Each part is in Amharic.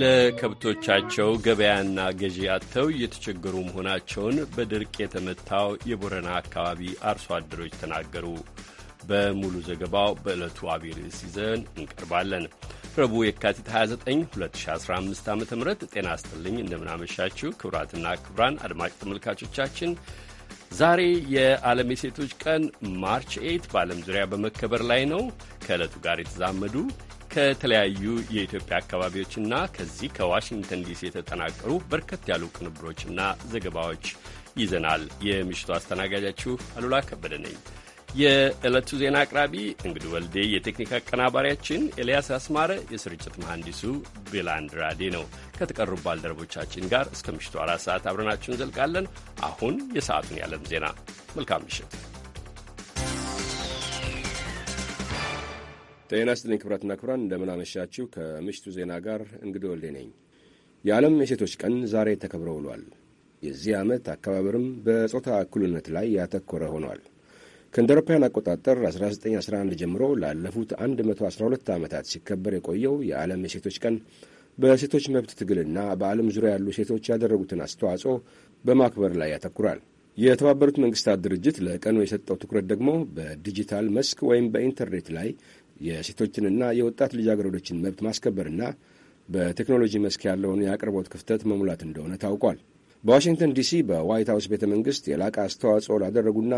ለከብቶቻቸው ገበያና ገዢ አጥተው እየተቸገሩ መሆናቸውን በድርቅ የተመታው የቦረና አካባቢ አርሶ አደሮች ተናገሩ። በሙሉ ዘገባው በዕለቱ አብይ ርዕስ ይዘን እንቀርባለን። ረቡዕ የካቲት 29 2015 ዓ ም ጤና ይስጥልኝ። እንደምናመሻችሁ ክቡራትና ክቡራን አድማጭ ተመልካቾቻችን ዛሬ የዓለም የሴቶች ቀን ማርች ኤት በዓለም ዙሪያ በመከበር ላይ ነው። ከዕለቱ ጋር የተዛመዱ ከተለያዩ የኢትዮጵያ አካባቢዎችና ከዚህ ከዋሽንግተን ዲሲ የተጠናቀሩ በርከት ያሉ ቅንብሮችና ዘገባዎች ይዘናል። የምሽቱ አስተናጋጃችሁ አሉላ ከበደ ነኝ። የዕለቱ ዜና አቅራቢ እንግዲህ ወልዴ፣ የቴክኒክ አቀናባሪያችን ኤልያስ አስማረ፣ የስርጭት መሐንዲሱ ቢላንድራዴ ነው። ከተቀሩ ባልደረቦቻችን ጋር እስከ ምሽቱ አራት ሰዓት አብረናችሁ እንዘልቃለን። አሁን የሰዓቱን ያለም ዜና። መልካም ምሽት። ጤና ስጥልኝ ክቡራትና ክብራን፣ እንደምናመሻችው ከምሽቱ ዜና ጋር እንግዲህ ወልዴ ነኝ። የዓለም የሴቶች ቀን ዛሬ ተከብሮ ውሏል። የዚህ ዓመት አከባበርም በጾታ እኩልነት ላይ ያተኮረ ሆኗል። ከእንደ አውሮፓውያን አቆጣጠር 1911 ጀምሮ ላለፉት 112 ዓመታት ሲከበር የቆየው የዓለም የሴቶች ቀን በሴቶች መብት ትግልና በዓለም ዙሪያ ያሉ ሴቶች ያደረጉትን አስተዋጽኦ በማክበር ላይ ያተኩራል። የተባበሩት መንግስታት ድርጅት ለቀኑ የሰጠው ትኩረት ደግሞ በዲጂታል መስክ ወይም በኢንተርኔት ላይ የሴቶችንና የወጣት ልጃገረዶችን መብት ማስከበርና በቴክኖሎጂ መስክ ያለውን የአቅርቦት ክፍተት መሙላት እንደሆነ ታውቋል። በዋሽንግተን ዲሲ በዋይት ሀውስ ቤተ መንግሥት የላቀ አስተዋጽኦ ላደረጉና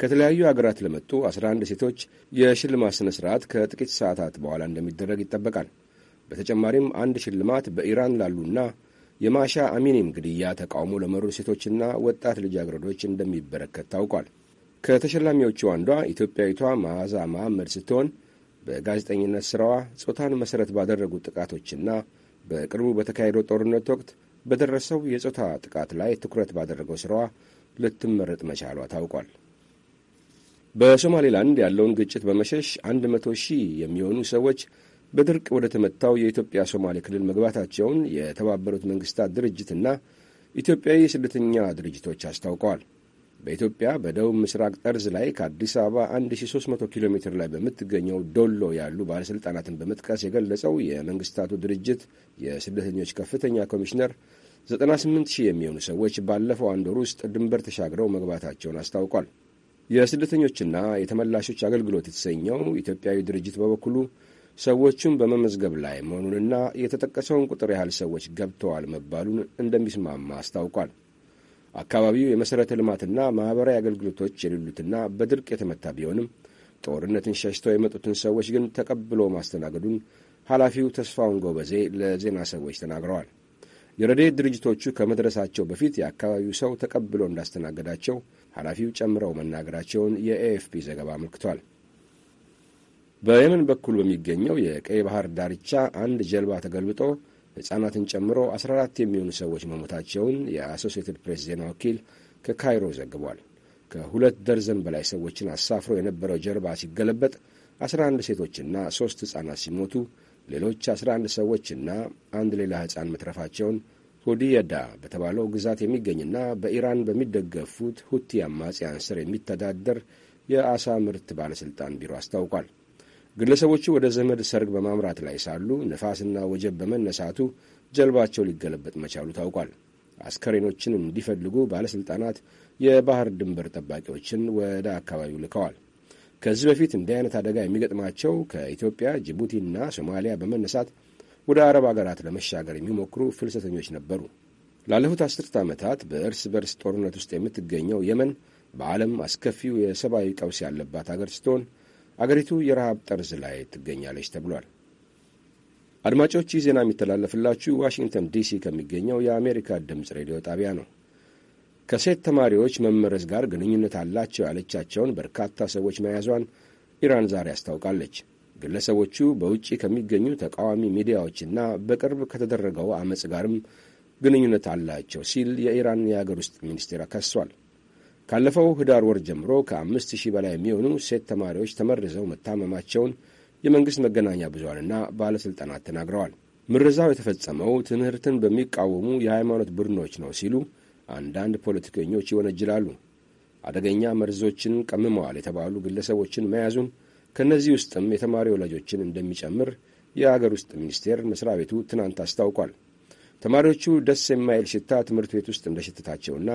ከተለያዩ አገራት ለመጡ 11 ሴቶች የሽልማት ሥነ ሥርዓት ከጥቂት ሰዓታት በኋላ እንደሚደረግ ይጠበቃል። በተጨማሪም አንድ ሽልማት በኢራን ላሉና የማሻ አሚኒም ግድያ ተቃውሞ ለመሩ ሴቶችና ወጣት ልጃገረዶች እንደሚበረከት ታውቋል። ከተሸላሚዎቹ አንዷ ኢትዮጵያዊቷ መዓዛ መሐመድ ስትሆን በጋዜጠኝነት ሥራዋ ጾታን መሠረት ባደረጉ ጥቃቶችና በቅርቡ በተካሄደው ጦርነት ወቅት በደረሰው የጾታ ጥቃት ላይ ትኩረት ባደረገው ሥራዋ ልትመረጥ መቻሏ ታውቋል። በሶማሌላንድ ያለውን ግጭት በመሸሽ አንድ መቶ ሺህ የሚሆኑ ሰዎች በድርቅ ወደ ተመታው የኢትዮጵያ ሶማሌ ክልል መግባታቸውን የተባበሩት መንግሥታት ድርጅትና ኢትዮጵያዊ የስደተኛ ድርጅቶች አስታውቀዋል። በኢትዮጵያ በደቡብ ምስራቅ ጠርዝ ላይ ከአዲስ አበባ 1300 ኪሎ ሜትር ላይ በምትገኘው ዶሎ ያሉ ባለሥልጣናትን በመጥቀስ የገለጸው የመንግስታቱ ድርጅት የስደተኞች ከፍተኛ ኮሚሽነር 98 የሚሆኑ ሰዎች ባለፈው አንድ ወር ውስጥ ድንበር ተሻግረው መግባታቸውን አስታውቋል። የስደተኞችና የተመላሾች አገልግሎት የተሰኘው ኢትዮጵያዊ ድርጅት በበኩሉ ሰዎቹን በመመዝገብ ላይ መሆኑንና የተጠቀሰውን ቁጥር ያህል ሰዎች ገብተዋል መባሉን እንደሚስማማ አስታውቋል። አካባቢው የመሠረተ ልማትና ማኅበራዊ አገልግሎቶች የሌሉትና በድርቅ የተመታ ቢሆንም ጦርነትን ሸሽተው የመጡትን ሰዎች ግን ተቀብሎ ማስተናገዱን ኃላፊው ተስፋውን ጎበዜ ለዜና ሰዎች ተናግረዋል። የረድኤት ድርጅቶቹ ከመድረሳቸው በፊት የአካባቢው ሰው ተቀብሎ እንዳስተናገዳቸው ኃላፊው ጨምረው መናገራቸውን የኤኤፍፒ ዘገባ አመልክቷል። በየመን በኩል በሚገኘው የቀይ ባህር ዳርቻ አንድ ጀልባ ተገልብጦ ሕፃናትን ጨምሮ 14 የሚሆኑ ሰዎች መሞታቸውን የአሶሲየትድ ፕሬስ ዜና ወኪል ከካይሮ ዘግቧል። ከሁለት ደርዘን በላይ ሰዎችን አሳፍሮ የነበረው ጀልባ ሲገለበጥ 11 ሴቶችና ሦስት ሕፃናት ሲሞቱ ሌሎች 11 ሰዎችና አንድ ሌላ ሕፃን መትረፋቸውን ሆዲየዳ በተባለው ግዛት የሚገኝና በኢራን በሚደገፉት ሁቲ አማጽያን ስር የሚተዳደር የአሳ ምርት ባለሥልጣን ቢሮ አስታውቋል። ግለሰቦቹ ወደ ዘመድ ሰርግ በማምራት ላይ ሳሉ ነፋስና ወጀብ በመነሳቱ ጀልባቸው ሊገለበጥ መቻሉ ታውቋል። አስከሬኖችን እንዲፈልጉ ባለሥልጣናት የባህር ድንበር ጠባቂዎችን ወደ አካባቢው ልከዋል። ከዚህ በፊት እንዲህ አይነት አደጋ የሚገጥማቸው ከኢትዮጵያ ጅቡቲና ሶማሊያ በመነሳት ወደ አረብ አገራት ለመሻገር የሚሞክሩ ፍልሰተኞች ነበሩ። ላለፉት አስርት ዓመታት በእርስ በርስ ጦርነት ውስጥ የምትገኘው የመን በዓለም አስከፊው የሰብአዊ ቀውስ ያለባት አገር ስትሆን አገሪቱ የረሃብ ጠርዝ ላይ ትገኛለች ተብሏል። አድማጮች ይህ ዜና የሚተላለፍላችሁ ዋሽንግተን ዲሲ ከሚገኘው የአሜሪካ ድምፅ ሬዲዮ ጣቢያ ነው። ከሴት ተማሪዎች መመረዝ ጋር ግንኙነት አላቸው ያለቻቸውን በርካታ ሰዎች መያዟን ኢራን ዛሬ አስታውቃለች። ግለሰቦቹ በውጭ ከሚገኙ ተቃዋሚ ሚዲያዎችና በቅርብ ከተደረገው አመፅ ጋርም ግንኙነት አላቸው ሲል የኢራን የአገር ውስጥ ሚኒስቴር ከሷል። ካለፈው ህዳር ወር ጀምሮ ከአምስት ሺህ በላይ የሚሆኑ ሴት ተማሪዎች ተመርዘው መታመማቸውን የመንግሥት መገናኛ ብዙሃንና ባለሥልጣናት ተናግረዋል። ምርዛው የተፈጸመው ትምህርትን በሚቃወሙ የሃይማኖት ቡድኖች ነው ሲሉ አንዳንድ ፖለቲከኞች ይወነጅላሉ። አደገኛ መርዞችን ቀምመዋል የተባሉ ግለሰቦችን መያዙን ከእነዚህ ውስጥም የተማሪ ወላጆችን እንደሚጨምር የአገር ውስጥ ሚኒስቴር መስሪያ ቤቱ ትናንት አስታውቋል። ተማሪዎቹ ደስ የማይል ሽታ ትምህርት ቤት ውስጥ እንደሸተታቸውና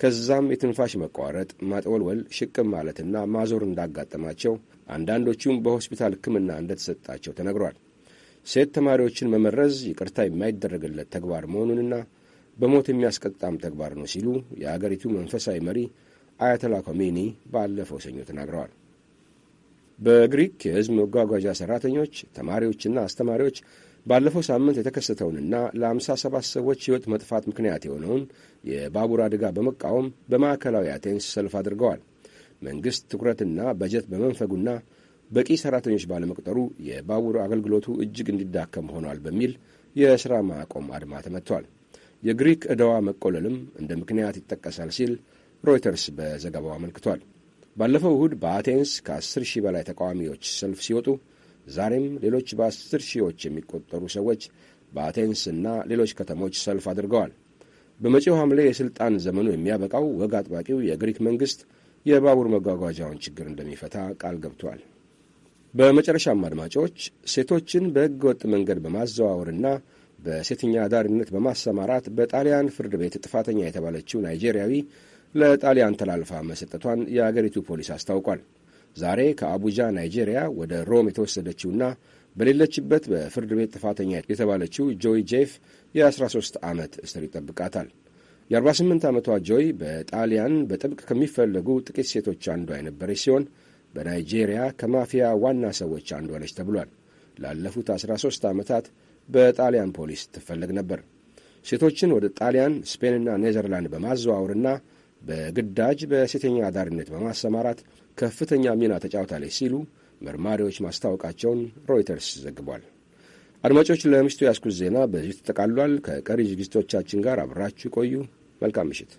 ከዛም የትንፋሽ መቋረጥ፣ ማጥወልወል፣ ሽቅም ማለትና ማዞር እንዳጋጠማቸው አንዳንዶቹም በሆስፒታል ሕክምና እንደተሰጣቸው ተነግሯል። ሴት ተማሪዎችን መመረዝ ይቅርታ የማይደረግለት ተግባር መሆኑንና በሞት የሚያስቀጣም ተግባር ነው ሲሉ የአገሪቱ መንፈሳዊ መሪ አያተላ ኮሜኒ ባለፈው ሰኞ ተናግረዋል። በግሪክ የሕዝብ መጓጓዣ ሠራተኞች፣ ተማሪዎችና አስተማሪዎች ባለፈው ሳምንት የተከሰተውንና ለ57 ሰዎች ሕይወት መጥፋት ምክንያት የሆነውን የባቡር አደጋ በመቃወም በማዕከላዊ አቴንስ ሰልፍ አድርገዋል። መንግሥት ትኩረትና በጀት በመንፈጉና በቂ ሠራተኞች ባለመቅጠሩ የባቡር አገልግሎቱ እጅግ እንዲዳከም ሆኗል በሚል የሥራ ማቆም አድማ ተመቷል። የግሪክ ዕዳዋ መቆለልም እንደ ምክንያት ይጠቀሳል ሲል ሮይተርስ በዘገባው አመልክቷል። ባለፈው እሁድ በአቴንስ ከ10 ሺህ በላይ ተቃዋሚዎች ሰልፍ ሲወጡ ዛሬም ሌሎች በአስር ሺዎች የሚቆጠሩ ሰዎች በአቴንስ እና ሌሎች ከተሞች ሰልፍ አድርገዋል። በመጪው ሐምሌ የሥልጣን ዘመኑ የሚያበቃው ወግ አጥባቂው የግሪክ መንግሥት የባቡር መጓጓዣውን ችግር እንደሚፈታ ቃል ገብቷል። በመጨረሻም አድማጮች ሴቶችን በሕገ ወጥ መንገድ በማዘዋወርና በሴተኛ አዳሪነት በማሰማራት በጣሊያን ፍርድ ቤት ጥፋተኛ የተባለችው ናይጄሪያዊ ለጣሊያን ተላልፋ መሰጠቷን የአገሪቱ ፖሊስ አስታውቋል። ዛሬ ከአቡጃ ናይጄሪያ ወደ ሮም የተወሰደችውና በሌለችበት በፍርድ ቤት ጥፋተኛ የተባለችው ጆይ ጄፍ የ13 ዓመት እስር ይጠብቃታል። የ48 ዓመቷ ጆይ በጣሊያን በጥብቅ ከሚፈለጉ ጥቂት ሴቶች አንዷ የነበረች ሲሆን በናይጄሪያ ከማፊያ ዋና ሰዎች አንዷ ነች ተብሏል። ላለፉት 13 ዓመታት በጣሊያን ፖሊስ ትፈለግ ነበር። ሴቶችን ወደ ጣሊያን፣ ስፔንና ኔዘርላንድ በማዘዋወርና በግዳጅ በሴተኛ አዳሪነት በማሰማራት ከፍተኛ ሚና ተጫውታለች ሲሉ መርማሪዎች ማስታወቃቸውን ሮይተርስ ዘግቧል። አድማጮች፣ ለምሽቱ ያስኩት ዜና በዚሁ ተጠቃሏል። ከቀሪ ዝግጅቶቻችን ጋር አብራችሁ ቆዩ። መልካም ምሽት።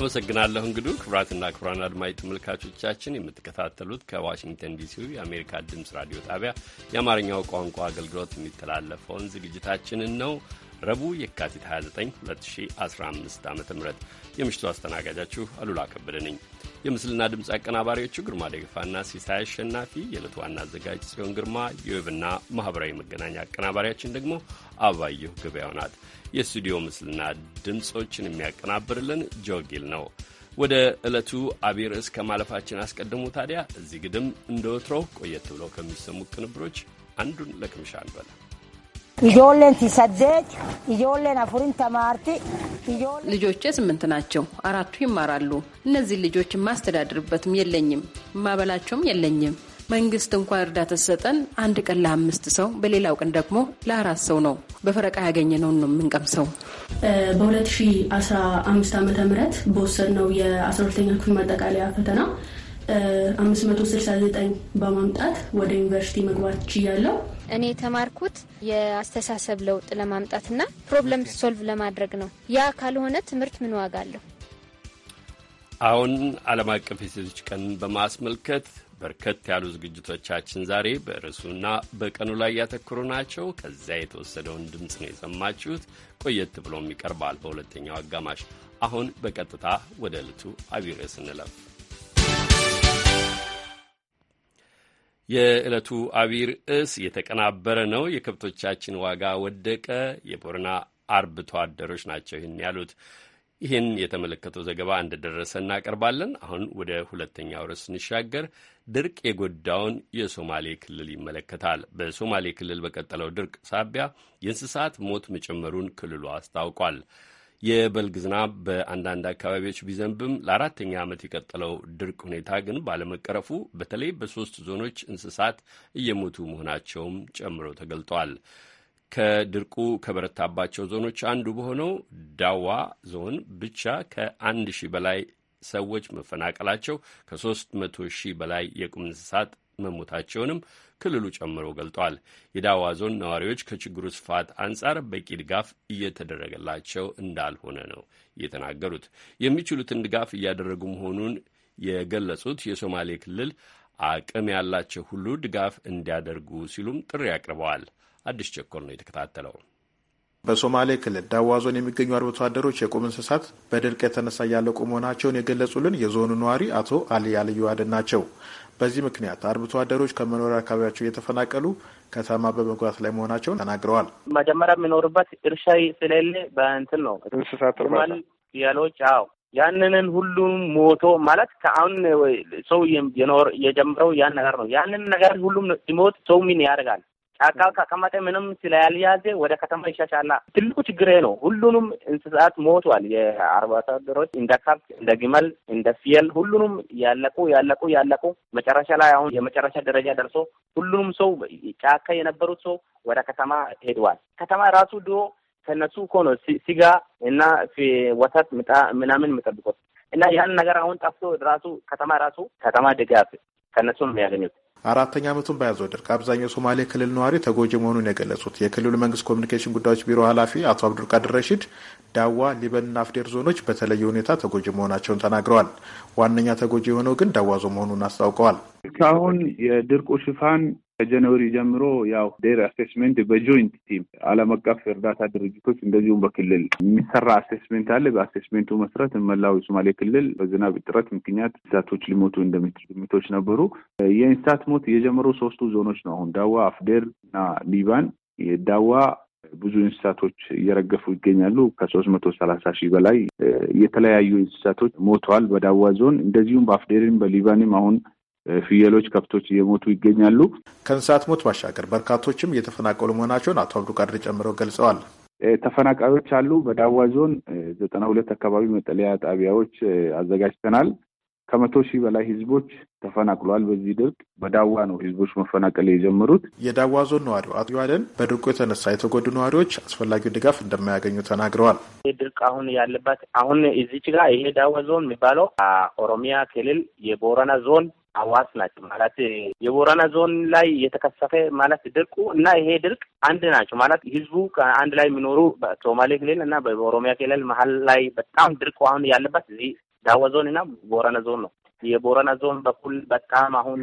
አመሰግናለሁ እንግዱ። ክብራትና ክብራን አድማጭ ተመልካቾቻችን የምትከታተሉት ከዋሽንግተን ዲሲው የአሜሪካ ድምፅ ራዲዮ ጣቢያ የአማርኛው ቋንቋ አገልግሎት የሚተላለፈውን ዝግጅታችንን ነው። ረቡዕ የካቲት 29 2015 ዓ ም የምሽቱ አስተናጋጃችሁ አሉላ ከበደ ነኝ። የምስልና ድምፅ አቀናባሪዎቹ ግርማ ደገፋና ሲሳይ አሸናፊ፣ የዕለቱ ዋና አዘጋጅ ጽዮን ግርማ፣ የዌብና ማኅበራዊ መገናኛ አቀናባሪያችን ደግሞ አባየሁ ገበያው ናት። የስቱዲዮ ምስልና ድምፆችን የሚያቀናብርልን ጆጊል ነው። ወደ ዕለቱ አቢይ ርዕስ ከማለፋችን አስቀድሞ ታዲያ እዚህ ግድም እንደ ወትሮ ቆየት ብለው ከሚሰሙ ቅንብሮች አንዱን ለቅምሻ አንበለ ልጆቼ ስምንት ናቸው። አራቱ ይማራሉ። እነዚህን ልጆች የማስተዳድርበትም የለኝም፣ የማበላቸውም የለኝም መንግስት እንኳን እርዳታ ሰጠን አንድ ቀን ለአምስት ሰው፣ በሌላው ቀን ደግሞ ለአራት ሰው ነው። በፈረቃ ያገኘነውን ነው የምንቀምሰው። በ2015 ዓ ም በወሰድነው የ12ኛ ክፍል ማጠቃለያ ፈተና 569 በማምጣት ወደ ዩኒቨርሲቲ መግባት ችያለው እኔ የተማርኩት የአስተሳሰብ ለውጥ ለማምጣትና ፕሮብለም ሶልቭ ለማድረግ ነው። ያ ካልሆነ ትምህርት ምን ዋጋ አለው? አሁን ዓለም አቀፍ የሴቶች ቀን በማስመልከት በርከት ያሉ ዝግጅቶቻችን ዛሬ በርዕሱና በቀኑ ላይ ያተኮሩ ናቸው። ከዚያ የተወሰደውን ድምፅ ነው የሰማችሁት። ቆየት ብሎም ይቀርባል በሁለተኛው አጋማሽ። አሁን በቀጥታ ወደ ዕለቱ አብይ ርዕስ እንለፍ። የዕለቱ አብይ ርዕስ የተቀናበረ ነው። የከብቶቻችን ዋጋ ወደቀ። የቦረና አርብቶ አደሮች ናቸው ይህን ያሉት። ይህን የተመለከተው ዘገባ እንደደረሰ እናቀርባለን። አሁን ወደ ሁለተኛው ርዕስ ስንሻገር ድርቅ የጎዳውን የሶማሌ ክልል ይመለከታል። በሶማሌ ክልል በቀጠለው ድርቅ ሳቢያ የእንስሳት ሞት መጨመሩን ክልሉ አስታውቋል። የበልግ ዝናብ በአንዳንድ አካባቢዎች ቢዘንብም ለአራተኛ ዓመት የቀጠለው ድርቅ ሁኔታ ግን ባለመቀረፉ በተለይ በሶስት ዞኖች እንስሳት እየሞቱ መሆናቸውም ጨምሮ ተገልጧል። ከድርቁ ከበረታባቸው ዞኖች አንዱ በሆነው ዳዋ ዞን ብቻ ከአንድ ሺህ በላይ ሰዎች መፈናቀላቸው ከሶስት መቶ ሺህ በላይ የቁም እንስሳት መሞታቸውንም ክልሉ ጨምሮ ገልጧል። የዳዋ ዞን ነዋሪዎች ከችግሩ ስፋት አንጻር በቂ ድጋፍ እየተደረገላቸው እንዳልሆነ ነው የተናገሩት። የሚችሉትን ድጋፍ እያደረጉ መሆኑን የገለጹት የሶማሌ ክልል አቅም ያላቸው ሁሉ ድጋፍ እንዲያደርጉ ሲሉም ጥሪ አቅርበዋል። አዲስ ቸኮል ነው የተከታተለው። በሶማሌ ክልል ዳዋ ዞን የሚገኙ አርብቶ አደሮች የቁም እንስሳት በድርቅ የተነሳ እያለቁ መሆናቸውን የገለጹልን የዞኑ ነዋሪ አቶ አሊ አልዩዋድን ናቸው። በዚህ ምክንያት አርብቶ አደሮች ከመኖሪያ አካባቢያቸው እየተፈናቀሉ ከተማ በመግባት ላይ መሆናቸውን ተናግረዋል። መጀመሪያ የሚኖርበት እርሻ ስለሌለ በእንትን ነው እንስሳት ያሎች አዎ ያንንን ሁሉም ሞቶ ማለት ከአሁን ሰው የኖር የጀምረው ያን ነገር ነው። ያንን ነገር ሁሉም ሲሞት ሰው ምን ያደርጋል? ጫካ ከቀመጠ ምንም ስላልያዘ ወደ ከተማ ይሻሻልና ትልቁ ችግር ነው። ሁሉንም እንስሳት ሞቷል። የአርብቶ አደሮች እንደ ከብት፣ እንደ ግመል፣ እንደ ፍየል ሁሉንም ያለቁ ያለቁ ያለቁ መጨረሻ ላይ አሁን የመጨረሻ ደረጃ ደርሶ ሁሉንም ሰው ጫካ የነበሩት ሰው ወደ ከተማ ሄደዋል። ከተማ ራሱ ድሮ ከነሱ እኮ ነው ሲጋ እና ወተት ምናምን የምጠብቁት እና ያን ነገር አሁን ጠፍቶ ራሱ ከተማ ራሱ ከተማ ድጋፍ ከነሱ ነው የሚያገኙት። አራተኛ ዓመቱን በያዘው ድርቅ አብዛኛው የሶማሌ ክልል ነዋሪ ተጎጂ መሆኑን የገለጹት የክልሉ መንግስት ኮሚኒኬሽን ጉዳዮች ቢሮ ኃላፊ አቶ አብዱልቃድር ረሺድ ዳዋ፣ ሊበንና አፍዴር ዞኖች በተለየ ሁኔታ ተጎጂ መሆናቸውን ተናግረዋል። ዋነኛ ተጎጂ የሆነው ግን ዳዋ ዞን መሆኑን አስታውቀዋል። እስካሁን የድርቁ ሽፋን ከጃንዋሪ ጀምሮ ያው ዴር አሴስሜንት በጆይንት ቲም ዓለም አቀፍ እርዳታ ድርጅቶች እንደዚሁም በክልል የሚሰራ አሴስሜንት አለ። በአሴስሜንቱ መሰረት መላው የሶማሌ ክልል በዝናብ እጥረት ምክንያት እንስሳቶች ሊሞቱ እንደሚችሉ ግምቶች ነበሩ። የእንስሳት ሞት የጀመሩ ሶስቱ ዞኖች ነው። አሁን ዳዋ፣ አፍዴር እና ሊባን ዳዋ ብዙ እንስሳቶች እየረገፉ ይገኛሉ። ከሶስት መቶ ሰላሳ ሺህ በላይ የተለያዩ እንስሳቶች ሞተዋል በዳዋ ዞን እንደዚሁም በአፍዴርም በሊባንም አሁን ፍየሎች፣ ከብቶች እየሞቱ ይገኛሉ። ከእንስሳት ሞት ባሻገር በርካቶችም እየተፈናቀሉ መሆናቸውን አቶ አብዱቃድር ጨምረው ገልጸዋል። ተፈናቃዮች አሉ። በዳዋ ዞን ዘጠና ሁለት አካባቢ መጠለያ ጣቢያዎች አዘጋጅተናል። ከመቶ ሺህ በላይ ህዝቦች ተፈናቅሏል። በዚህ ድርቅ በዳዋ ነው ህዝቦች መፈናቀል የጀመሩት። የዳዋ ዞን ነዋሪው አቶ ዋደን በድርቁ የተነሳ የተጎዱ ነዋሪዎች አስፈላጊው ድጋፍ እንደማያገኙ ተናግረዋል። ይህ ድርቅ አሁን ያለባት አሁን እዚች ጋር ይሄ ዳዋ ዞን የሚባለው ኦሮሚያ ክልል የቦረና ዞን አዋስ ናቸው ማለት የቦረና ዞን ላይ የተከሰፈ ማለት ድርቁ እና ይሄ ድርቅ አንድ ናቸው ማለት ህዝቡ አንድ ላይ የሚኖሩ በሶማሌ ክልል እና በኦሮሚያ ክልል መሀል ላይ በጣም ድርቁ አሁን ያለበት እዚህ ዳዋ ዞን እና ቦረና ዞን ነው። የቦረና ዞን በኩል በጣም አሁን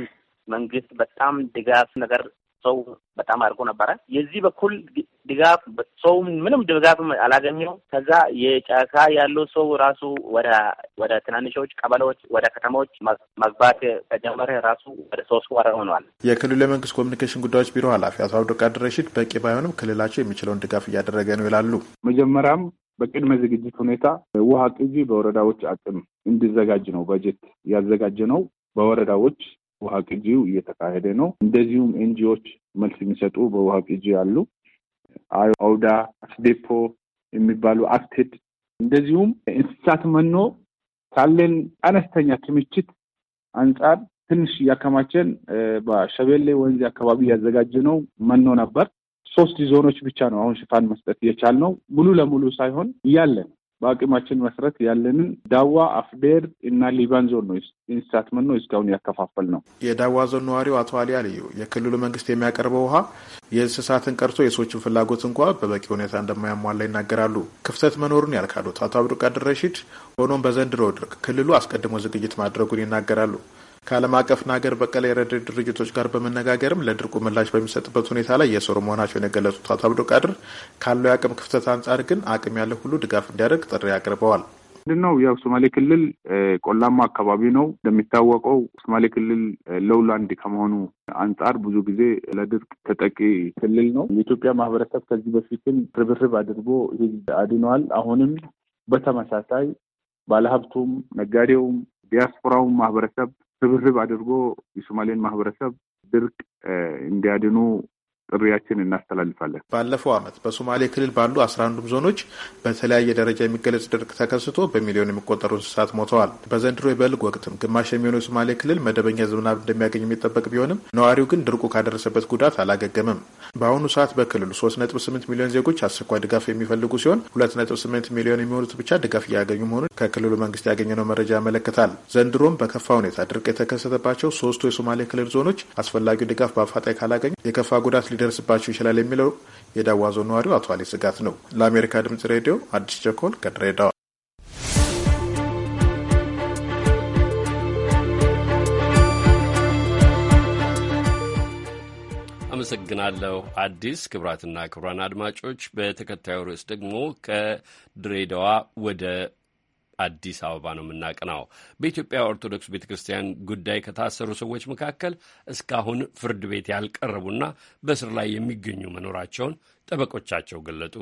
መንግስት በጣም ድጋፍ ነገር ሰው በጣም አድርጎ ነበረ። የዚህ በኩል ድጋፍ ሰው ምንም ድጋፍ አላገኘው። ከዛ የጫካ ያለው ሰው ራሱ ወደ ወደ ትናንሾች ቀበሌዎች፣ ወደ ከተማዎች መግባት ከጀመረ ራሱ ወደ ሶስት ወረ ሆኗል። የክልሉ የመንግስት ኮሚኒኬሽን ጉዳዮች ቢሮ ኃላፊ አቶ አብዱልቃድር ረሺድ በቂ ባይሆንም ክልላቸው የሚችለውን ድጋፍ እያደረገ ነው ይላሉ። መጀመሪያም በቅድመ ዝግጅት ሁኔታ ውሃ ቅጂ በወረዳዎች አቅም እንዲዘጋጅ ነው በጀት ያዘጋጀ ነው በወረዳዎች ውሃ ቅጂው እየተካሄደ ነው። እንደዚሁም ኤንጂዎች መልስ የሚሰጡ በውሃ ቅጂ አሉ። አውዳ፣ አስዴፖ የሚባሉ አክቴድ እንደዚሁም እንስሳት መኖ ካለን አነስተኛ ክምችት አንጻር ትንሽ እያከማቸን በሸቤሌ ወንዝ አካባቢ እያዘጋጀ ነው መኖ ነበር። ሶስት ዞኖች ብቻ ነው አሁን ሽፋን መስጠት እየቻል ነው ሙሉ ለሙሉ ሳይሆን እያለን በአቅማችን መሰረት ያለንን ዳዋ፣ አፍዴር እና ሊባን ዞን ነው እንስሳት መኖ እስካሁን ያከፋፈል ነው። የዳዋ ዞን ነዋሪው አቶ አሊ አልዩ የክልሉ መንግስት የሚያቀርበው ውሃ የእንስሳትን ቀርቶ የሰዎችን ፍላጎት እንኳ በበቂ ሁኔታ እንደማያሟላ ይናገራሉ። ክፍተት መኖሩን ያልካሉት አቶ አብዱቃድር ረሺድ ሆኖም በዘንድሮ ድርቅ ክልሉ አስቀድሞ ዝግጅት ማድረጉን ይናገራሉ። ከዓለም አቀፍና ሀገር በቀል የረድኤት ድርጅቶች ጋር በመነጋገርም ለድርቁ ምላሽ በሚሰጥበት ሁኔታ ላይ የሰሩ መሆናቸውን የገለጹት አቶ አብዶ ቃድር ካለው የአቅም ክፍተት አንጻር ግን አቅም ያለ ሁሉ ድጋፍ እንዲያደርግ ጥሪ አቅርበዋል። ምንድን ነው ያው ሶማሌ ክልል ቆላማ አካባቢ ነው እንደሚታወቀው። ሶማሌ ክልል ሎውላንድ ከመሆኑ አንጻር ብዙ ጊዜ ለድርቅ ተጠቂ ክልል ነው። የኢትዮጵያ ማህበረሰብ ከዚህ በፊትም ርብርብ አድርጎ ህዝብ አድኗል። አሁንም በተመሳሳይ ባለሀብቱም፣ ነጋዴውም፣ ዲያስፖራውም ማህበረሰብ ርብርብ አድርጎ የሶማሌን ማህበረሰብ ድርቅ እንዲያድኑ ጥሪያችን እናስተላልፋለን። ባለፈው ዓመት በሶማሌ ክልል ባሉ አስራ አንዱም ዞኖች በተለያየ ደረጃ የሚገለጽ ድርቅ ተከስቶ በሚሊዮን የሚቆጠሩ እንስሳት ሞተዋል። በዘንድሮ የበልግ ወቅትም ግማሽ የሚሆነው የሶማሌ ክልል መደበኛ ዝናብ እንደሚያገኝ የሚጠበቅ ቢሆንም ነዋሪው ግን ድርቁ ካደረሰበት ጉዳት አላገገምም። በአሁኑ ሰዓት በክልሉ ሶስት ነጥብ ስምንት ሚሊዮን ዜጎች አስቸኳይ ድጋፍ የሚፈልጉ ሲሆን ሁለት ነጥብ ስምንት ሚሊዮን የሚሆኑት ብቻ ድጋፍ እያገኙ መሆኑን ከክልሉ መንግስት ያገኘነው መረጃ ያመለክታል። ዘንድሮም በከፋ ሁኔታ ድርቅ የተከሰተባቸው ሶስቱ የሶማሌ ክልል ዞኖች አስፈላጊው ድጋፍ በአፋጣኝ ካላገኙ የከፋ ጉዳት ሊደርስባቸው ይችላል የሚለው የዳዋ ዞን ነዋሪው አቶ አሊ ስጋት ነው። ለአሜሪካ ድምጽ ሬዲዮ አዲስ ቸኮል ከድሬዳዋ። አመሰግናለሁ አዲስ። ክቡራትና ክቡራን አድማጮች በተከታዩ ርዕስ ደግሞ ከድሬዳዋ ወደ አዲስ አበባ ነው የምናቀናው። በኢትዮጵያ ኦርቶዶክስ ቤተ ክርስቲያን ጉዳይ ከታሰሩ ሰዎች መካከል እስካሁን ፍርድ ቤት ያልቀረቡና በእስር ላይ የሚገኙ መኖራቸውን ጠበቆቻቸው ገለጡ።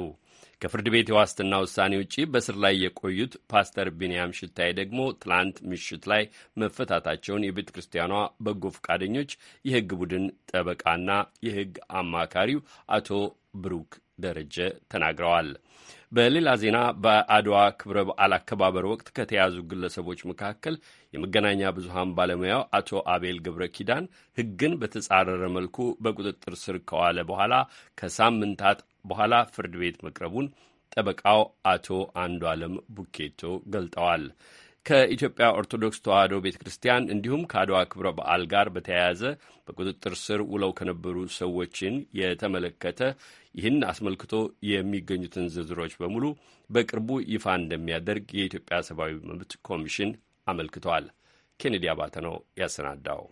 ከፍርድ ቤት የዋስትና ውሳኔ ውጪ በእስር ላይ የቆዩት ፓስተር ቢንያም ሽታይ ደግሞ ትላንት ምሽት ላይ መፈታታቸውን የቤተ ክርስቲያኗ በጎ ፈቃደኞች የሕግ ቡድን ጠበቃና የሕግ አማካሪው አቶ ብሩክ ደረጀ ተናግረዋል። በሌላ ዜና በአድዋ ክብረ በዓል አከባበር ወቅት ከተያዙ ግለሰቦች መካከል የመገናኛ ብዙሃን ባለሙያው አቶ አቤል ገብረ ኪዳን ሕግን በተጻረረ መልኩ በቁጥጥር ስር ከዋለ በኋላ ከሳምንታት በኋላ ፍርድ ቤት መቅረቡን ጠበቃው አቶ አንዱ አለም ቡኬቶ ገልጠዋል። ከኢትዮጵያ ኦርቶዶክስ ተዋሕዶ ቤተ ክርስቲያን እንዲሁም ከአድዋ ክብረ በዓል ጋር በተያያዘ በቁጥጥር ስር ውለው ከነበሩ ሰዎችን የተመለከተ ይህን አስመልክቶ የሚገኙትን ዝርዝሮች በሙሉ በቅርቡ ይፋ እንደሚያደርግ የኢትዮጵያ ሰብአዊ መብት ኮሚሽን አመልክተዋል። ኬኔዲ አባተ ነው ያሰናዳው።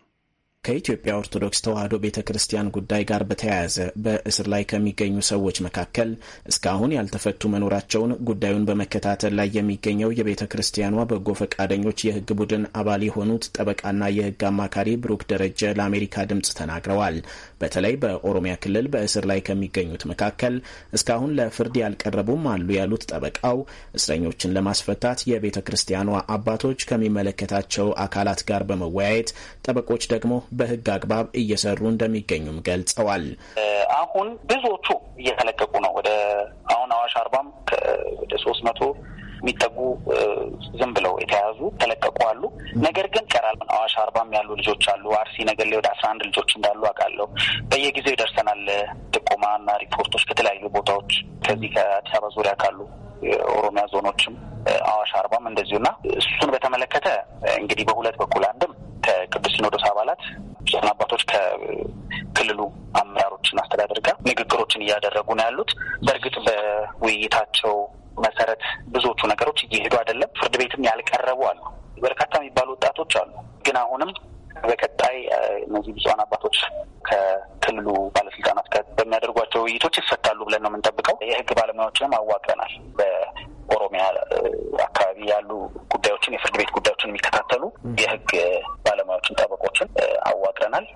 ከኢትዮጵያ ኦርቶዶክስ ተዋሕዶ ቤተ ክርስቲያን ጉዳይ ጋር በተያያዘ በእስር ላይ ከሚገኙ ሰዎች መካከል እስካሁን ያልተፈቱ መኖራቸውን ጉዳዩን በመከታተል ላይ የሚገኘው የቤተ ክርስቲያኗ በጎ ፈቃደኞች የሕግ ቡድን አባል የሆኑት ጠበቃና የሕግ አማካሪ ብሩክ ደረጀ ለአሜሪካ ድምፅ ተናግረዋል። በተለይ በኦሮሚያ ክልል በእስር ላይ ከሚገኙት መካከል እስካሁን ለፍርድ ያልቀረቡም አሉ ያሉት ጠበቃው እስረኞችን ለማስፈታት የቤተ ክርስቲያኗ አባቶች ከሚመለከታቸው አካላት ጋር በመወያየት ጠበቆች ደግሞ በህግ አግባብ እየሰሩ እንደሚገኙም ገልጸዋል። አሁን ብዙዎቹ እየተለቀቁ ነው። ወደ አሁን አዋሽ አርባም ወደ ሶስት መቶ የሚጠጉ ዝም ብለው የተያዙ ተለቀቁ አሉ። ነገር ግን ቀራል አዋሽ አርባም ያሉ ልጆች አሉ። አርሲ ነገር ላይ ወደ አስራ አንድ ልጆች እንዳሉ አውቃለሁ። በየጊዜው ይደርሰናል ጥቆማ እና ሪፖርቶች ከተለያዩ ቦታዎች ከዚህ ከአዲስ አበባ ዙሪያ ካሉ የኦሮሚያ ዞኖችም አዋሽ አርባም እንደዚሁና እሱን በተመለከተ እንግዲህ በሁለት በኩል አንድም ከቅዱስ ሲኖዶስ አባላት ብፁዓን አባቶች ከክልሉ አመራሮችን አስተዳደር ጋር ንግግሮችን እያደረጉ ነው ያሉት። በእርግጥ በውይይታቸው መሰረት ብዙዎቹ ነገሮች እየሄዱ አይደለም። ፍርድ ቤትም ያልቀረቡ አሉ። በርካታ የሚባሉ ወጣቶች አሉ። ግን አሁንም በቀጣይ እነዚህ ብፁዓን አባቶች ከክልሉ ባለስልጣናት ጋር በሚያደርጓቸው ውይይቶች ይፈታሉ ብለን ነው የምንጠብቀው። የህግ ባለሙያዎችንም አዋቀናል። ኦሮሚያ አካባቢ ያሉ ጉዳዮችን የፍርድ ቤት ጉዳዮችን የሚከታተሉ የህግ ባለሙያዎችን፣ ጠበቆችን አዋቅረናል።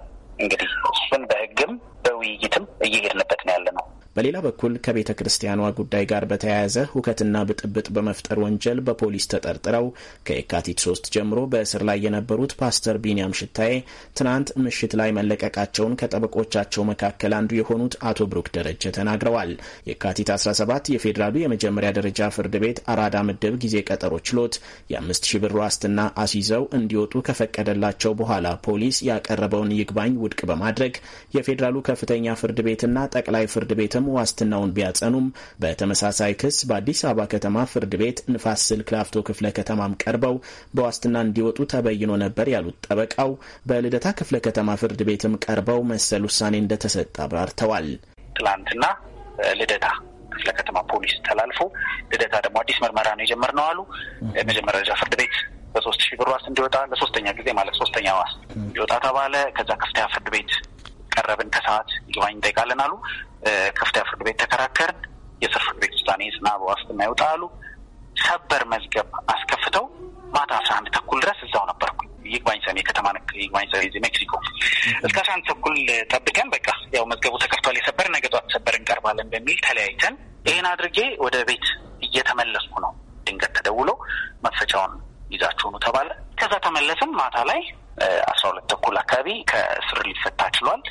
እንግዲህ እሱን በህግም በውይይትም እየሄድንበት ነው ያለ ነው። በሌላ በኩል ከቤተ ክርስቲያኗ ጉዳይ ጋር በተያያዘ ሁከትና ብጥብጥ በመፍጠር ወንጀል በፖሊስ ተጠርጥረው ከየካቲት ሶስት ጀምሮ በእስር ላይ የነበሩት ፓስተር ቢንያም ሽታዬ ትናንት ምሽት ላይ መለቀቃቸውን ከጠበቆቻቸው መካከል አንዱ የሆኑት አቶ ብሩክ ደረጀ ተናግረዋል። የካቲት 17 የፌዴራሉ የመጀመሪያ ደረጃ ፍርድ ቤት አራዳ ምድብ ጊዜ ቀጠሮ ችሎት የአምስት ሺህ ብር ዋስትና አስይዘው እንዲወጡ ከፈቀደላቸው በኋላ ፖሊስ ያቀረበውን ይግባኝ ውድቅ በማድረግ የፌዴራሉ ከፍተኛ ፍርድ ቤትና ጠቅላይ ፍርድ ቤትም በሰላም ዋስትናውን ቢያጸኑም በተመሳሳይ ክስ በአዲስ አበባ ከተማ ፍርድ ቤት ንፋስ ስልክ ላፍቶ ክፍለ ከተማም ቀርበው በዋስትና እንዲወጡ ተበይኖ ነበር ያሉት ጠበቃው በልደታ ክፍለ ከተማ ፍርድ ቤትም ቀርበው መሰል ውሳኔ እንደተሰጠ አብራርተዋል። ትላንትና ልደታ ክፍለ ከተማ ፖሊስ ተላልፎ ልደታ ደግሞ አዲስ ምርመራ ነው የጀመርነው አሉ። መጀመሪያ ደረጃ ፍርድ ቤት በሶስት ሺህ ብር ዋስ እንዲወጣ ለሶስተኛ ጊዜ ማለት ሶስተኛ ዋስ እንዲወጣ ተባለ። ከዛ ከፍተኛ ፍርድ ቤት ቀረብን። ከሰዓት ይግባኝ እንጠይቃለን አሉ። ከፍተኛ ፍርድ ቤት ተከራከርን። የስር ፍርድ ቤት ውሳኔ ጽና በዋስትና ይውጣ አሉ። ሰበር መዝገብ አስከፍተው ማታ አስራ አንድ ተኩል ድረስ እዛው ነበርኩ። ይግባኝ ሰሚ ከተማ ይግባኝ ሰሚ ሜክሲኮ እስከ አስራ አንድ ተኩል ጠብቀን በቃ ያው መዝገቡ ተከፍቷል፣ የሰበር ነገ ጠዋት ሰበር እንቀርባለን በሚል ተለያይተን ይህን አድርጌ ወደ ቤት እየተመለስኩ ነው። ድንገት ተደውሎ መፈቻውን ይዛችሁኑ ተባለ። ከዛ ተመለስን ማታ ላይ አስራ ሁለት ተኩል አካባቢ ከእስር ሊፈታ ችሏል።